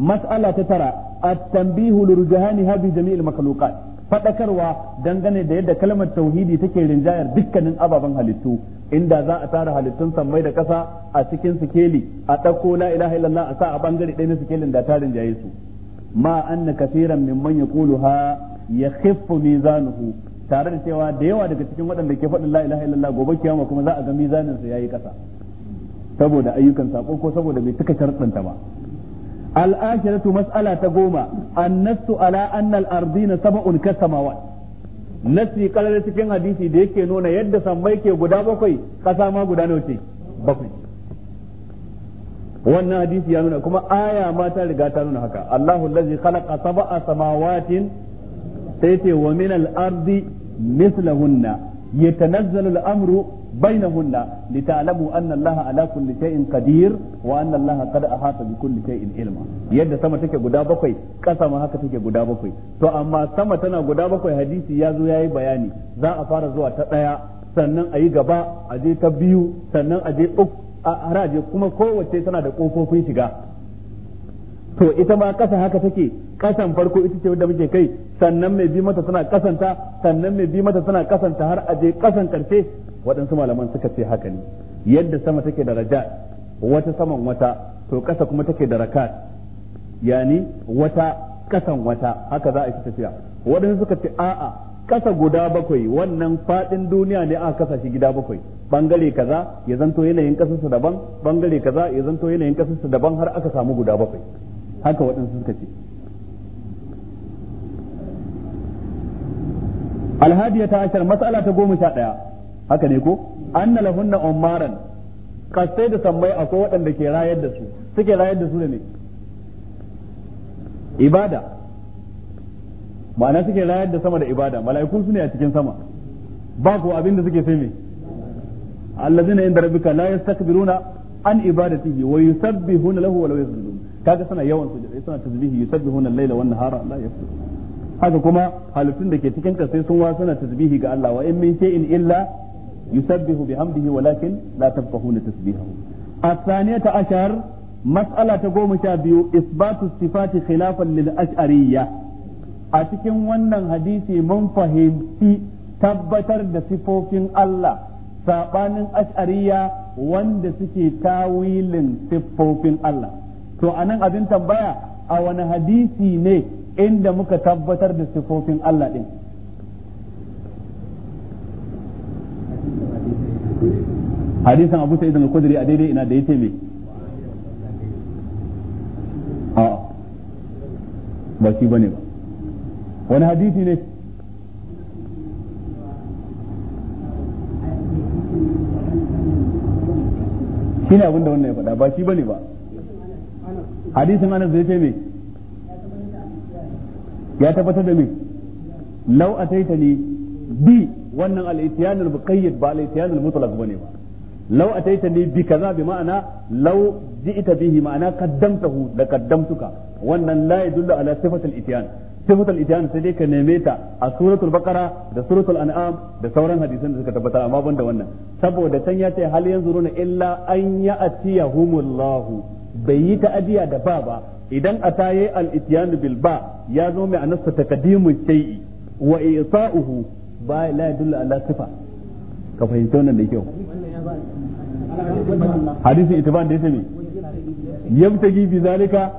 mas'ala ta tara. التنبيه لرجحانها بجميع المخلوقات fadakarwa dangane da yadda kalmar tauhidi take rinjayar dukkanin ababen halittu inda za a tara halittun sammai da ƙasa a cikin sikeli a ɗauko la ilaha illallah a sa a bangare ɗaya na sikelin da ta rinjaye su ma anna kaseeran mimman ya yakhiffu mizanuhu tare da cewa da yawa daga cikin waɗanda ke faɗin la ilaha illallah gobe kiyama kuma za a ga mizanin su yayi ƙasa saboda ayyukan sako ko saboda bai tuka sharɗanta ba al'ashiratu mas'ala ta goma annasu ala anna al-ardina sab'un kasamawat nasi kalar cikin hadisi da yake nuna yadda sammai ke guda bakwai kasa ma guda nawa ce bakwai wannan hadisi ya nuna kuma aya ma ta riga ta nuna haka Allahu allazi khalaqa sab'a samawatin sai ce wa min arzi ardi mislahunna يتنزل الأمر بينهن لتعلموا أن الله على كل شيء قدير وأن الله قد أحاط بكل شيء علما yadda sama take guda bakwai ƙasa haka take guda bakwai to amma sama tana guda bakwai hadisi ya zo ya yi bayani za a fara zuwa ta ɗaya sannan a yi gaba a je ta biyu sannan a je uku a haraje kuma kowace tana da ƙofofin shiga to ita ma kasa haka take ƙasan farko ita ce wadda muke kai sannan mai bi mata tana kasanta sannan mai bi mata tana kasanta har a je kasan ƙarshe waɗansu malaman suka ce haka ne yadda sama take da raja wata saman wata to kasa kuma take da rakat yani wata kasan wata haka za a yi tafiya waɗansu suka ce a'a kasa guda bakwai wannan fadin duniya ne aka kasa shi gida bakwai bangare kaza ya zanto yanayin kasarsa daban bangare kaza ya zanto yanayin kasarsa daban har aka samu guda bakwai haka waɗansu suka ce alhadiya ta ashar mas'ala ta goma sha ɗaya haka ne ko an na lafunna umaran kastai da a akwai waɗanda ke rayar da su suke rayar da su da ne ibada ma'ana suke rayar da sama da ibada mala'iku su ne a cikin sama ba ko abin da suke sai me allazina inda rabbika la yastakbiruna an ibadatihi wa yusabbihuna lahu wa la yasjudun kaga suna yawan sujudai suna tasbihi yusabbihuna al-laila wan nahara la yaftur haka kuma halittun da ke cikin kasai sun wa suna tasbihi ga Allah wa in min shay'in illa yusabbihu bihamdihi walakin la tafqahuna tasbihahu الثانية عشر مسألة قوم شابيو إثبات الصفات خلافا a cikin wannan hadisi mun fahimci tabbatar da sifofin Allah saɓanin ash'ariya wanda suke tawilin siffofin Allah to a nan abin tambaya a wani hadisi ne inda muka tabbatar da sifofin Allah ɗin? hadisan Abu sai al a daidai ina da yace me a ba shi ne ba wani hadisi ne shi ne da wannan ya faɗa ba shi ne ba hadisin anas zai ce me ya tabbatar da me taita ni bi wannan al-ityan al-muqayyad ba al-ityan al-mutlaq lau a taita ni bi kaza bi ma'ana law ji'ta bihi ma'ana qaddamtahu da qaddamtuka wannan la yadullu ala sifat itiyan ityan itiyan al-ityan sai dai ka neme ta a suratul baqara da suratul an'am da sauran hadisan da suka tabbatar amma ban da wannan saboda can ya ce hal yanzuruna illa an ya'tiyahumullahu bai yi ta'adiya da ba ba idan ataye al-ityanu bil ba ya zo mai anasta taqdimu shay'i wa isa'uhu ba la yadullu ala sifa ka fahimta wannan da kyau hadisin itiban da yace me yabtagi bi zalika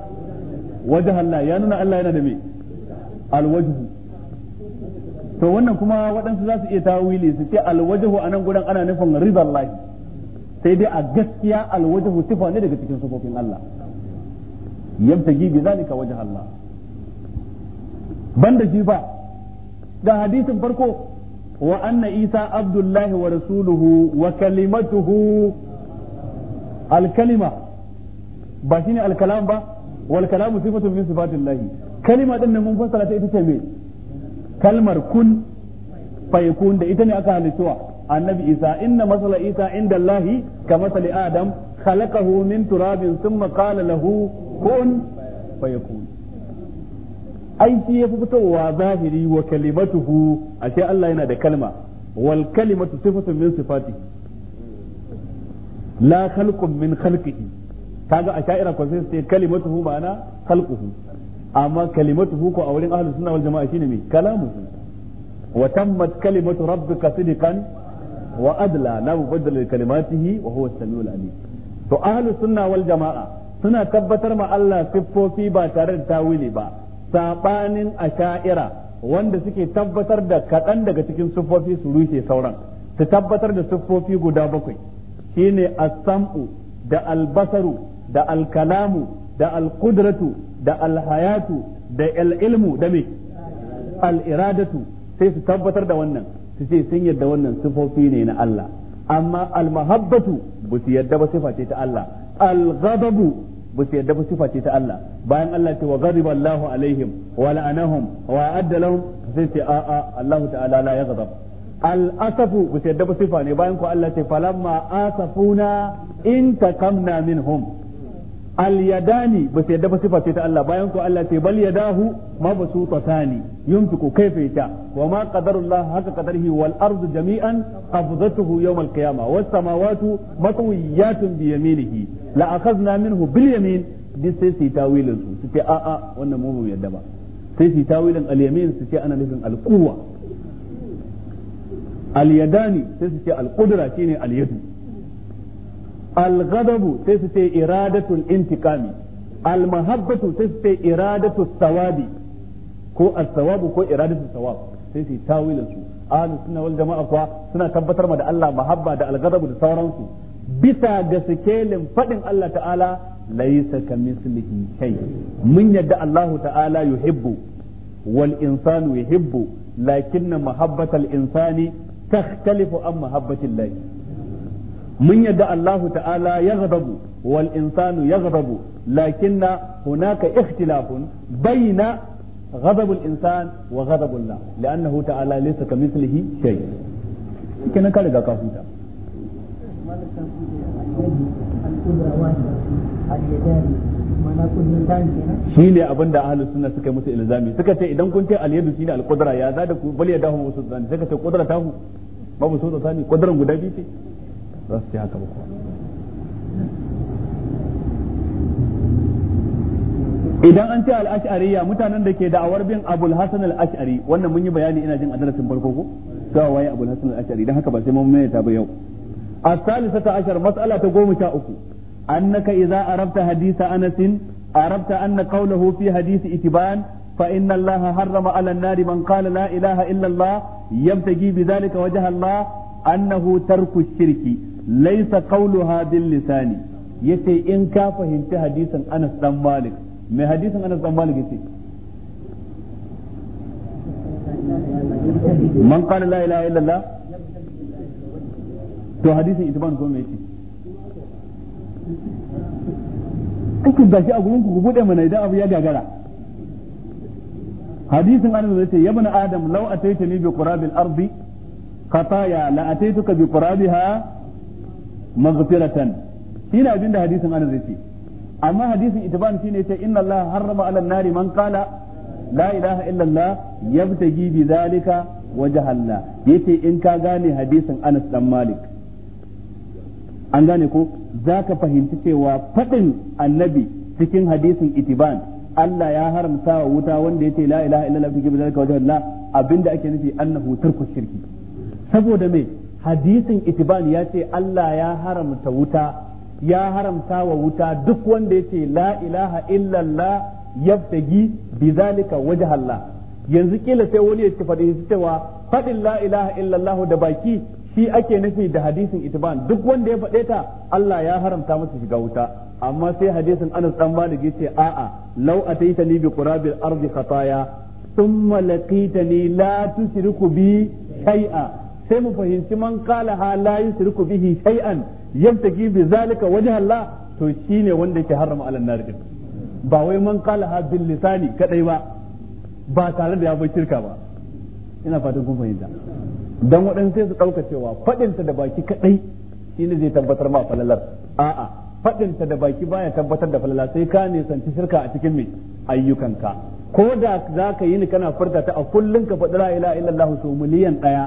wajh Allah ya nuna Allah yana da me al-wajhu to wannan kuma waɗansu za su iya tawili su ce al-wajhu anan gudan ana nufin ridallahi sai dai a gaskiya alwajhu sifa ne daga cikin sifofin Allah yabtagi bi zalika wajh Allah banda shi ba ga hadisin farko wa anna isa abdullahi wa rasuluhu wa kalimatuhu alkalima ba shine alkalam ba wal kalamu sifatun min sifatillahi kalima din nan mun fassara ta ita ce me kalmar kun fayakun da ita ne aka halittuwa annabi isa inna masala isa inda allahi ka masali adam khalaqahu min turabin thumma qala lahu kun fayakun ai shi yafi fitowa zahiri wa kalimatuhu ashe Allah yana da kalma wal kalimatu sifatun min sifatihi la khalqun min khalqihi kaga a sha'ira ko sai sai kalimatuhu ma'ana khalquhu amma kalimatuhu ko a wurin ahlus sunna wal jama'a shine me kalamuhu wa tammat kalimatu rabbika sidqan wa adla la mubaddala li kalimatihi wa huwa as-sami'ul alim to ahlus sunna wal jama'a suna tabbatar ma Allah siffofi ba tare da tawili ba sabanin asha'ira wanda suke tabbatar da kaɗan daga cikin siffofi su rushe sauran su tabbatar da siffofi guda bakwai shine as-sam'u da al-basaru da al-kalamu da al-qudratu da al-hayatu da al-ilmu da me al-iradatu sai su tabbatar da wannan su ce sun yarda wannan sifofi ne na Allah amma almahabbatu ba su yarda ba sifa ce ta Allah alghadabu ba su yarda ba sifa ce ta Allah bayan Allah ce wa ghadiba Allahu alaihim wa la'anahum wa a'adda lahum sai ce a a Allah ta'ala la yaghzab al'asafu ba su yarda ba sifa ne bayan ko Allah ce falamma asafuna in takamna minhum al yadani ba sai yadda ba sifa ce ta Allah bayan ko Allah ce bal yadahu ma basutatani yunfiqu kayfa yasha wa ma qadarullah haka qadarihi wal ardu jami'an qabdatuhu yawm al qiyamah was samawati matwiyatun bi yaminihi la akhadna minhu bil yamin duk sai su yi tawilin su su ce a a wannan mu yadda ba sai su yi tawilin al yamin su ce ana nufin al quwwa al yadani sai su ce al qudra shine al yadu al-ghadabu sai su ce iradatul intiqami al-mahabbatu sai su ce iradatul ko as-sawabu ko iradatul sawab sai su tawilin su ahlus sunna wal jama'a kuwa suna tabbatar ma da Allah mahabba da al-ghadabu da sauransu bisa ga sikelin fadin Allah ta'ala laysa kamislihi shay mun yadda Allah ta'ala yuhibbu wal insanu yuhibbu lakinna mahabbatal insani takhtalifu an mahabbatil lahi mun yarda Allahu ta'ala ya ghadabu wal insanu ya ghadabu lakinna hunaka ikhtilafun baina ghadabul insan wa ghadabullah li'annahu ta'ala laysa kamithlihi shay kina ka shi ne abin da ahalus suna suka musu ilzami suka ce idan kun ce alyadu shine alkudura ya zada ku bal yadahu musu zani suka ce qudra tahu babu so tsani qudran guda biyu ce za ce haka ba kuwa idan an ce al'ashariya mutanen da ke da'awar bin abul hasan al'ashari wannan mun yi bayani ina jin a darasin farko ko a waye abul hasan al'ashari dan haka ba sai mun maimaita ba yau A salisata ashar matsala ta goma sha uku annaka idza arabta hadisa anasin arabta anna qawluhu fi hadisi itiban fa inna allaha harrama 'ala an man qala la ilaha illa allah yabtaghi zalika wajha allah annahu tarku shirki laisa qawluha bil lisani yace in ka fahimci hadisin Anas dan Malik mai hadisin Anas dan Malik yace man qala la ilaha illallah to hadisin itban ko me yace kuka shi a gurin ku ku bude mana idan abu ya gagara hadisin Anas yace ya bani Adam law ni bi qurabil ardi khataya la ataituka bi qurabiha maghfiratan shine abinda hadisin Anas yace amma hadisin itiban shine yace inna Allah harrama ala nari man qala la ilaha illa Allah yabtagi bi zalika wajha Allah yace in ka gane hadisin Anas dan Malik an gane ko zaka fahimci cewa faɗin annabi cikin hadisin itiban Allah ya haramta wa wuta wanda yace la ilaha illa fi yabtagi zalika wajha Allah abinda ake nufi annahu tarku shirki saboda me hadisin itiban ya ce Allah ya haramta wuta ya haramta wa wuta duk wanda ya ce la ilaha illallah fagi bi zalika wajh yanzu kila sai wani ya ci fadi cewa fadin la ilaha illallah da baki shi ake nufi da hadisin itiban duk wanda ya faɗe ta Allah ya haramta masa shiga wuta amma sai hadisin Anas dan Malik yace a'a law ataitani bi qurabil ardi khataya thumma laqitani la tusriku bi shay'a sai mu fahimci man kala ha la yusriku bihi shay'an yabtaki bi zalika wajha Allah to shine wanda yake harrama alal nar din ba wai man kala ha bil lisani kadai ba ba tare da ya bai shirka ba ina fatan kun fahimta dan waɗansu sai su ɗauka cewa faɗinta da baki kadai shine zai tabbatar ma falalar a'a faɗinta da baki baya tabbatar da falala sai ka ne nisanci shirka a cikin mai ayyukanka ko da za ka yi ni kana furta ta a kullum ka faɗi la ilaha illallah su miliyan ɗaya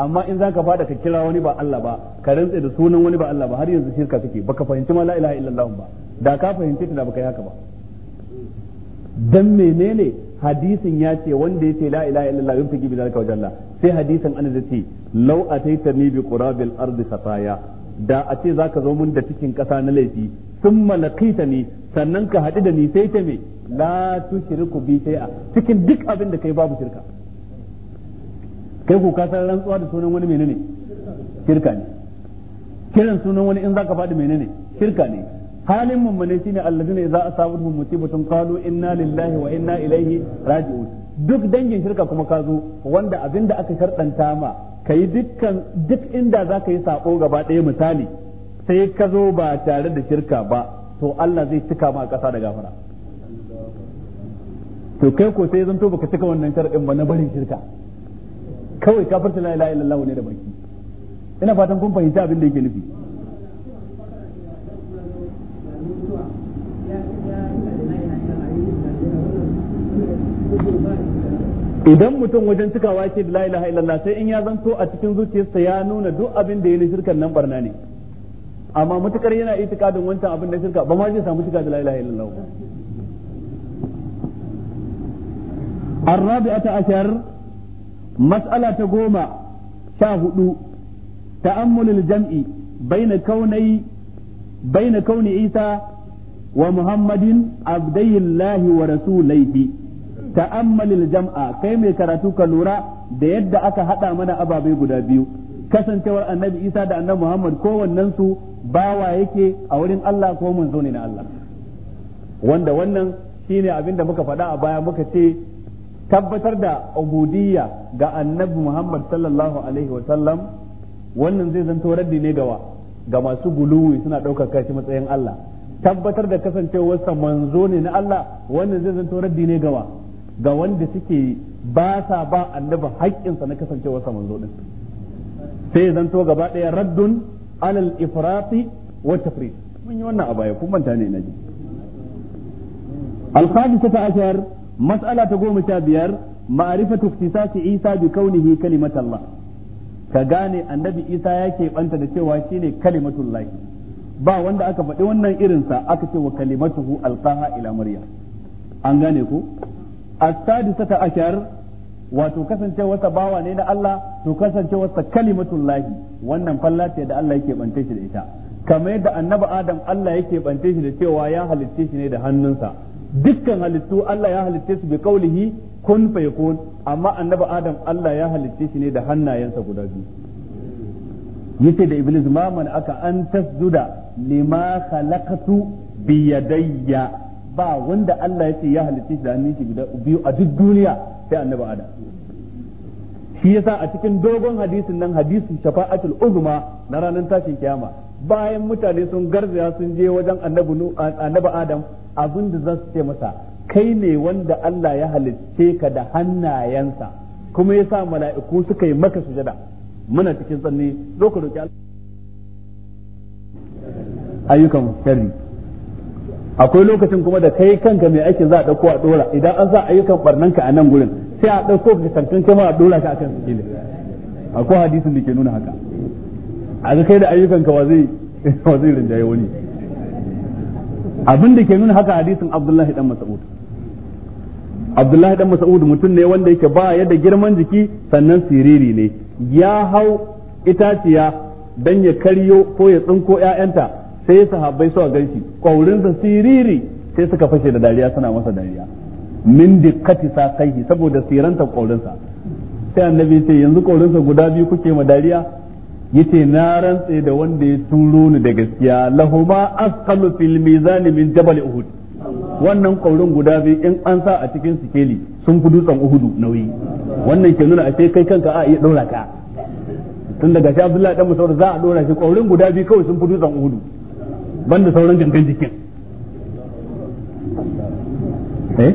amma in zaka fada ka kira wani ba Allah ba ka rantsa da sunan wani ba Allah ba har yanzu shirka kake baka fahimci ma la ilaha illallah ba da ka fahimci ta baka yi haka ba dan menene hadisin ya ce wanda yace la ilaha illallah yin fiki bizalika wajalla sai hadisin an zace ce law ataitani bi qurabil ardi khataya da a ce zaka zo mun da cikin kasa na laifi ta laqitani sannan ka hadu da ni sai ta me la tushriku bi shay'a cikin duk abin da kai babu shirka kai ku san rantsuwa da sunan wani menene shirka ne kiran sunan wani in zaka faɗi menene shirka ne halin mummune shine alladina idza asabatuhum musibatun qalu inna lillahi wa inna ilaihi raji'un duk dangin shirka kuma ka zo wanda abinda aka sharɗanta ma kai dukkan duk inda zaka yi sako gaba ɗaya misali sai ka zo ba tare da shirka ba to Allah zai cika ma ƙasa da gafara to kai ko sai zanto baka cika wannan sharɗin ba na barin shirka kawai kafirta la ilaha illallah ne da baki ina fatan kun fahimci abin da yake nufi idan mutum wajen cikawa yake da la ilaha illallah sai in ya zanto a cikin zuciyarsa ya nuna duk abin da ya yi shirkan nan barna ne amma mutukar yana itikadin wancan abin da shirka ba ma zai samu shiga da la ilaha illallah الرابعة عشر mas'ala ta goma sha hudu ta'ammulul jam'i baina kaunai kauni Isa wa Muhammadin abdaillahi wa rasulaihi ta'ammalil jam'a kai mai karatu ka lura da yadda aka hada mana ababai guda biyu kasancewar annabi Isa da annabi Muhammad kowannen su bawa yake a wurin Allah ko zo ne na Allah wanda wannan shine abin da muka faɗa a baya muka ce tabbatar da ubudiyya ga annabi Muhammad sallallahu alaihi wa sallam wannan zai zanto raddi ne gawa ga masu guluwi suna ɗaukar kashi matsayin Allah tabbatar da kasancewarsa manzo ne na Allah wannan zai zanto raddi ne gawa ga wanda suke ba sa ba annabi haƙƙinsa na kasancewarsa manzo din sai ya zanto gaba ɗaya raddun alal ifrati wa tafrit mun yi wannan a baya kun manta ne naji al ta ashar mas'ala ta goma sha biyar ma'rifatu iktisasi isa bi kaunihi ka gane annabi isa ya keɓanta da cewa shine kalimatullahi ba wanda aka faɗi wannan irinsa aka ce wa kalimatuhu alqaha ila maryam an gane ko as-sadisata ashar wato kasancewarsa bawa ne na Allah to kasancewarsa kalimatullahi wannan falla ce da Allah yake bance shi da ita kamar yadda annabi Adam Allah yake bance shi da cewa ya halitte shi ne da hannunsa dukkan halittu Allah ya halitte su bi kaulihi kun fayakun amma annabi adam Allah ya halitte shi ne da hannayensa guda biyu yace da iblis ma man aka an tasjuda lima khalaqtu bi yadayya ba wanda Allah yace ya halitte shi da hannun shi guda biyu a duk duniya sai annabi adam shi yasa a cikin dogon hadisin nan hadisin shafa'atul uzma na ranar tashin kiyama bayan mutane sun garzaya sun je wajen annabi adam abin da za su ce masa kai ne wanda Allah ya halicce ka da hannayensa kuma ya sa mala'iku suka yi maka sujada muna cikin tsanni zo ka roki ayyukan sharri akwai lokacin kuma da kai kanka mai aikin za a dauko a dora idan an sa ayyukan ka a nan gurin sai a dauko ka tantan kai ma a dora ka akan akwai hadisin da ke nuna haka a ga kai da ayyukanka wa zai wa zai rinjaye wani abin ke nuna haka hadisin Abdullahi dan Mas'ud Abdullahi dan Mas'ud mutum ne wanda yake ba yadda girman jiki sannan siriri ne ya hau itaciya dan ya karyo ko ya tsinko ƴaƴanta sai sahabbai suka ganshi kaurinsa siriri sai suka fashe da dariya suna masa dariya min dikkati sa kai saboda siranta kwaurinsa sai annabi sai yanzu kwaurinsa guda biyu kuke ma dariya yace na rantse da wanda ya turo ni da gaskiya lahuma asqalu fil mizan min jabal uhud wannan kaurin guda bi in an sa a cikin sikeli sun fi dutsen uhudu nauyi wannan ke nuna ashe kai kanka a iya daura ka tun daga shi abdullahi dan musawar za a dora shi kaurin guda bi kawai sun fi dutsen uhudu banda sauran gangan jikin eh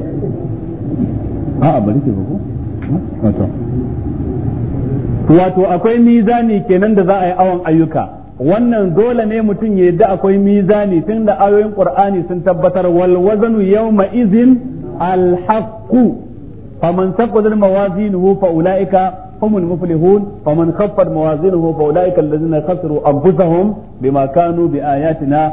a'a bari ke ba ko wato akwai mizani kenan da za a yi awon ayyuka wannan dole ne mutum ya yadda akwai mizani tun da ayoyin qur'ani sun tabbatar wal wazanu yawma izin al haqqu faman thaqulat mawazinuhu fa ulaika هم المفلحون ومن خفت موازينه فأولئك الذين خسروا أنفسهم بما كانوا بآياتنا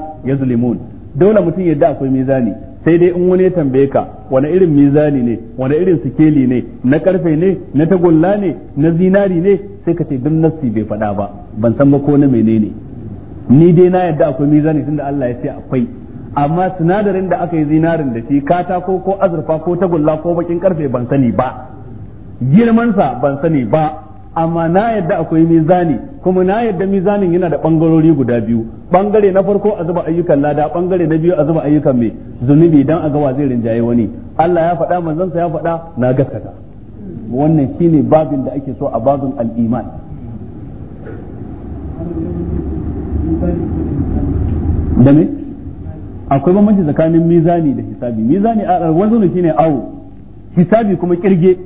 dole mutum ya يدعى akwai mizani sai dai in wani ya tambaye ka wani irin mizani ne wani irin sikeli ne na karfe ne na tagulla ne na zinari ne sai ka ce duk nassi bai faɗa ba ban san ba ko na menene ni dai na yadda akwai mizani tunda Allah ya ce akwai amma sinadarin da aka yi zinarin da shi katako ko azurfa ko tagulla ko bakin karfe ban sani ba girman sa ban sani ba amma na yadda akwai mizani kuma na yadda mizanin yana da bangarori guda biyu bangare na farko a zuba ayyukan lada bangare na biyu a zuba ayyukan mai zunubi don a ga zai rinjaye wani Allah ya faɗa manzansa ya faɗa na gaskata wannan shine babin da ake so a babin al'iman. iman da me akwai bambanci tsakanin mizani da hisabi mizani a wanzu shine awo hisabi kuma kirge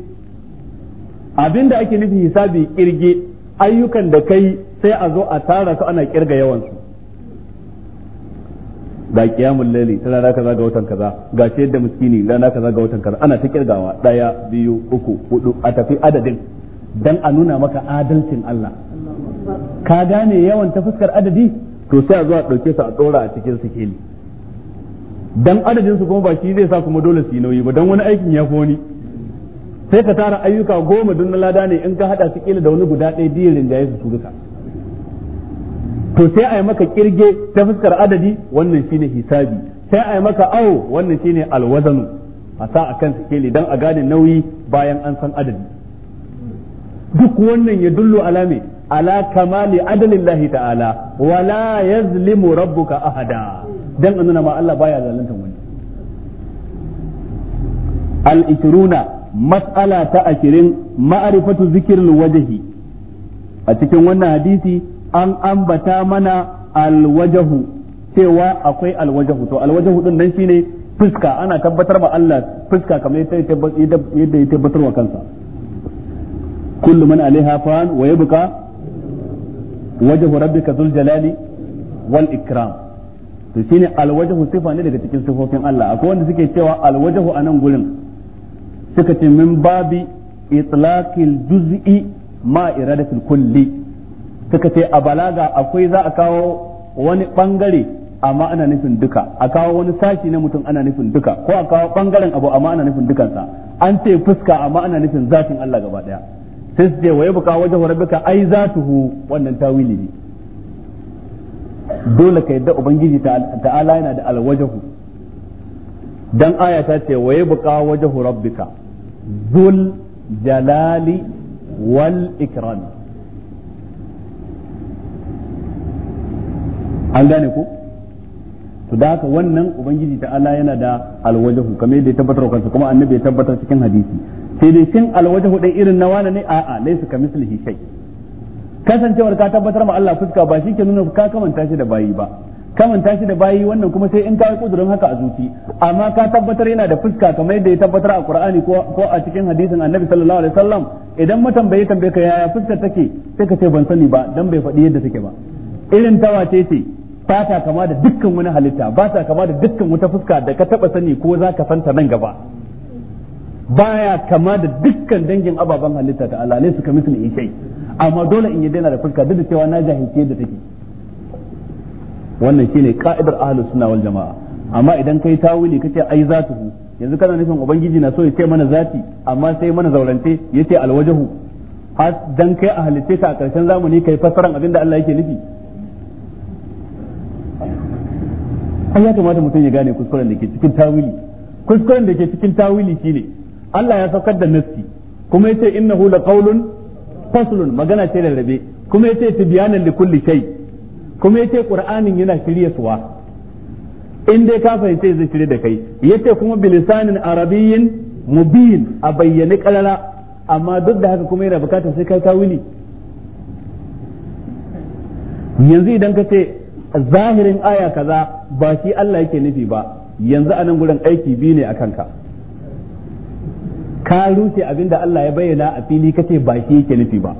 abinda ake nufi hisabi kirge ayyukan da kai sai a zo a tara su ana kirga yawansu ga kiyamul laili ta rana kaza ga watan kaza ga shi yadda miskini rana kaza ga watan kaza ana ta kirgawa daya biyu uku hudu a tafi adadin dan a nuna maka adalcin Allah ka gane yawan ta fuskar adadi to sai a zo a dauke su a dora a cikin sikeli dan adadin su kuma ba shi zai sa kuma dole su yi nauyi ba dan wani aikin ya fi wani sai ka tara ayyuka goma don na lada ne in ka hada su kila da wani guda ɗaya biyu rinjaye su turuka. to sai a yi maka kirge ta fuskar adadi wannan shine hisabi sai a yi maka awo wannan shine alwazanu a sa a kan kila dan a gane nauyi bayan an san adadi duk wannan ya dullo alame ala kamali lahi ta'ala wala yazlimu rabbuka ahada dan annana ma Allah baya zalunta wani al-ishruna mas'ala ta ashirin ma'arifatu zikirin wajahi a cikin wannan hadisi an ambata mana alwajahu cewa akwai alwajahu to alwajahu din nan shine fuska ana tabbatar ma Allah fuska kamar yadda ya tabbatar wa kansa kullu man alaiha fan wa yabqa wajhu rabbika dhul jalali wal ikram to shine alwajahu sifa ne daga cikin sifofin Allah akwai wanda suke cewa alwajahu a nan gurin suka ce min babi itlaqil juz'i ma iradatul kulli suka ce a balaga akwai za a kawo wani bangare amma ana nufin duka a kawo wani sashi na mutum ana nufin duka ko a kawo bangaren abu amma ana nufin dukansa an ce fuska amma ana nufin zatin Allah gaba daya sai su ce waye buka wajen rabbika ai zatuhu wannan tawili ne dole ka yadda ubangiji ta'ala yana da alwajahu dan aya ta ce waye buka wajen rabbika zul jalali wal ikram an gane ko to da haka wannan ubangiji ta Allah yana da alwajahu kamar yadda ya tabbatar kansa kuma annabi ya tabbatar cikin hadisi sai dai cin alwajahu dai irin na wani ne a'a laysa mislihi shay kasancewar ka tabbatar ma Allah fuska ba shi ke nuna ka kamanta shi da bayi ba kamanta shi da bayi wannan kuma sai in ka kudurin haka a zuci amma ka tabbatar yana da fuska kamar yadda ya tabbatar a Qur'ani ko a cikin hadisin Annabi sallallahu alaihi wasallam idan matambaye tambaye ka yaya fuskar take sai ka ce ban sani ba dan bai faɗi yadda take ba irin tawa ce ce ba ta kama da dukkan wani halitta ba ta kama da dukkan wata fuska da ka taba sani ko za ka santa nan gaba baya kama da dukkan dangin ababen halitta ta Allah ne kamisu ne ishai amma dole in yi daina da fuska duk da cewa na jahilci yadda take wannan shine ka'idar ahlus sunna wal jamaa amma idan kai tawili kace ai zatuhu yanzu kana nufin ubangiji na so ya ce mana zati amma sai mana zaurante yace alwajahu har dan kai a ka a karshen zamani kai fassara abin da Allah yake nufi ai ya kamata mutum ya gane kuskuren da ke cikin tawili kuskuren da ke cikin tawili shine Allah ya saukar da nafsi kuma yace innahu laqawlun faslun magana ce da rabe kuma yace tibyanan likulli shay' kuma yace qur'anin yana suwa in dai ka fahimce zai shirye da kai yace kuma bilisanin arabiyyin mubin a bayyane kalala amma duk da haka kuma yana bukatar sai kai tawili yanzu idan ka ce zahirin aya kaza ba shi Allah yake nufi ba yanzu anan gurin aiki biyu ne a kanka ka rushe abin da Allah ya bayyana a fili kace ba shi yake nufi ba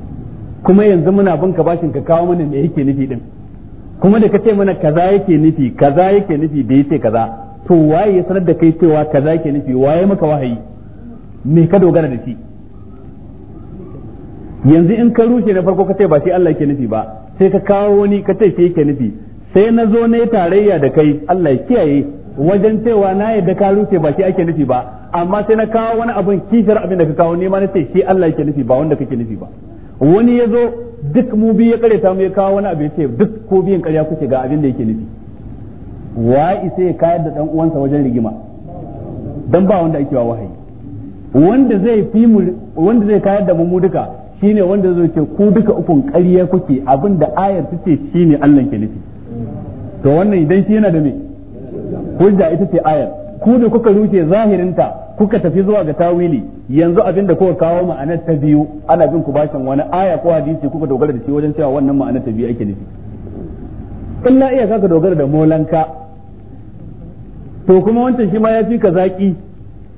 kuma yanzu muna bin ka bashin ka kawo mana me yake nufi din kuma da kace mana kaza yake nufi kaza yake nufi da yace kaza to waye ya sanar da kai cewa kaza yake nufi waye maka wahayi me ka dogara da shi yanzu in ka rushe na farko ka ce ba shi Allah yake nufi ba sai ka kawo wani ka ce shi yake nufi sai na zo na yi tarayya da kai Allah ya kiyaye wajen cewa na yadda ka rushe ba shi ake nufi ba amma sai na kawo wani abin kishar abin da ka kawo nema na ce shi Allah yake nufi ba wanda kake nufi ba wani ya zo duk mu bi ya ta mu ya kawo wani abu ya ce duk ko biyan karya kuke ga abin da yake nufi wa isa ya kayar da dan uwansa wajen rigima dan ba wanda ake wa wahayi wanda zai fi mu wanda zai kayar da mu duka shine wanda zai ce ku duka ukun ƙarya kuke abin da ayar tace shine Allah ke nufi to wannan idan shi yana da me hujja ita ce ayar ku da kuka ruce zahirinta kuka tafi zuwa ga tawili yanzu abin da kuka kawo ma'anar ta biyu ana bin ku bashin wani aya ko hadisi kuka dogara da shi wajen cewa wannan ma'anar ta biyu ake nufi in na iya kaka dogara da molanka to kuma wancan shi ma ya fi ka zaki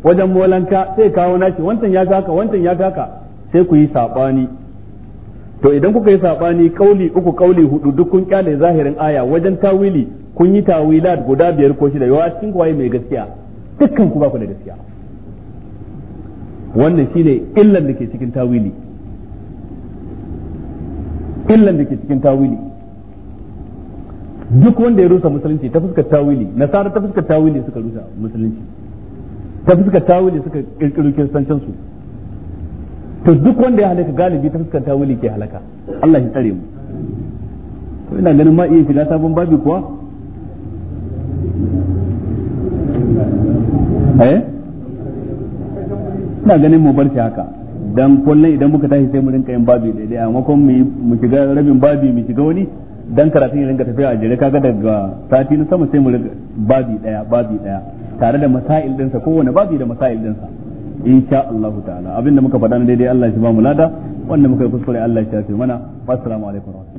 wajen molanka sai kawo nashi wancan ya kaka wancan ya kaka sai ku yi sabani to idan kuka yi sabani kauli uku kauli hudu duk kun kyale zahirin aya wajen tawili kun yi tawilat guda biyar ko shida yawa cikin kwaye mai gaskiya dukkan ku ba ku da gaskiya wannan shine illan da ke cikin tawili illan da ke cikin tawili duk wanda ya rusa musulunci ta fuskar tawili nasara ta fuskar tawili suka rusa musulunci ta fuskar tawili suka kirkiro kiristancin su to duk wanda ya halaka galibi ta fuskar tawili ke halaka Allah ya tsare mu to ina ganin ma iya shiga sabon babi kuwa eh ina ganin mu bar shi haka dan kullun idan muka tashi sai mu rinka yin babi daidai amma kuma mu shiga rabin babi mu shiga wani dan karatun ya rinka tafiya a jere kaga daga sati na sama sai mu rinka babi daya babi daya tare da masail din sa kowane babi da masail din sa insha Allah ta'ala abinda muka faɗa na daidai Allah ya ba mu lada wanda muka yi kuskure Allah ya shafe mana assalamu alaikum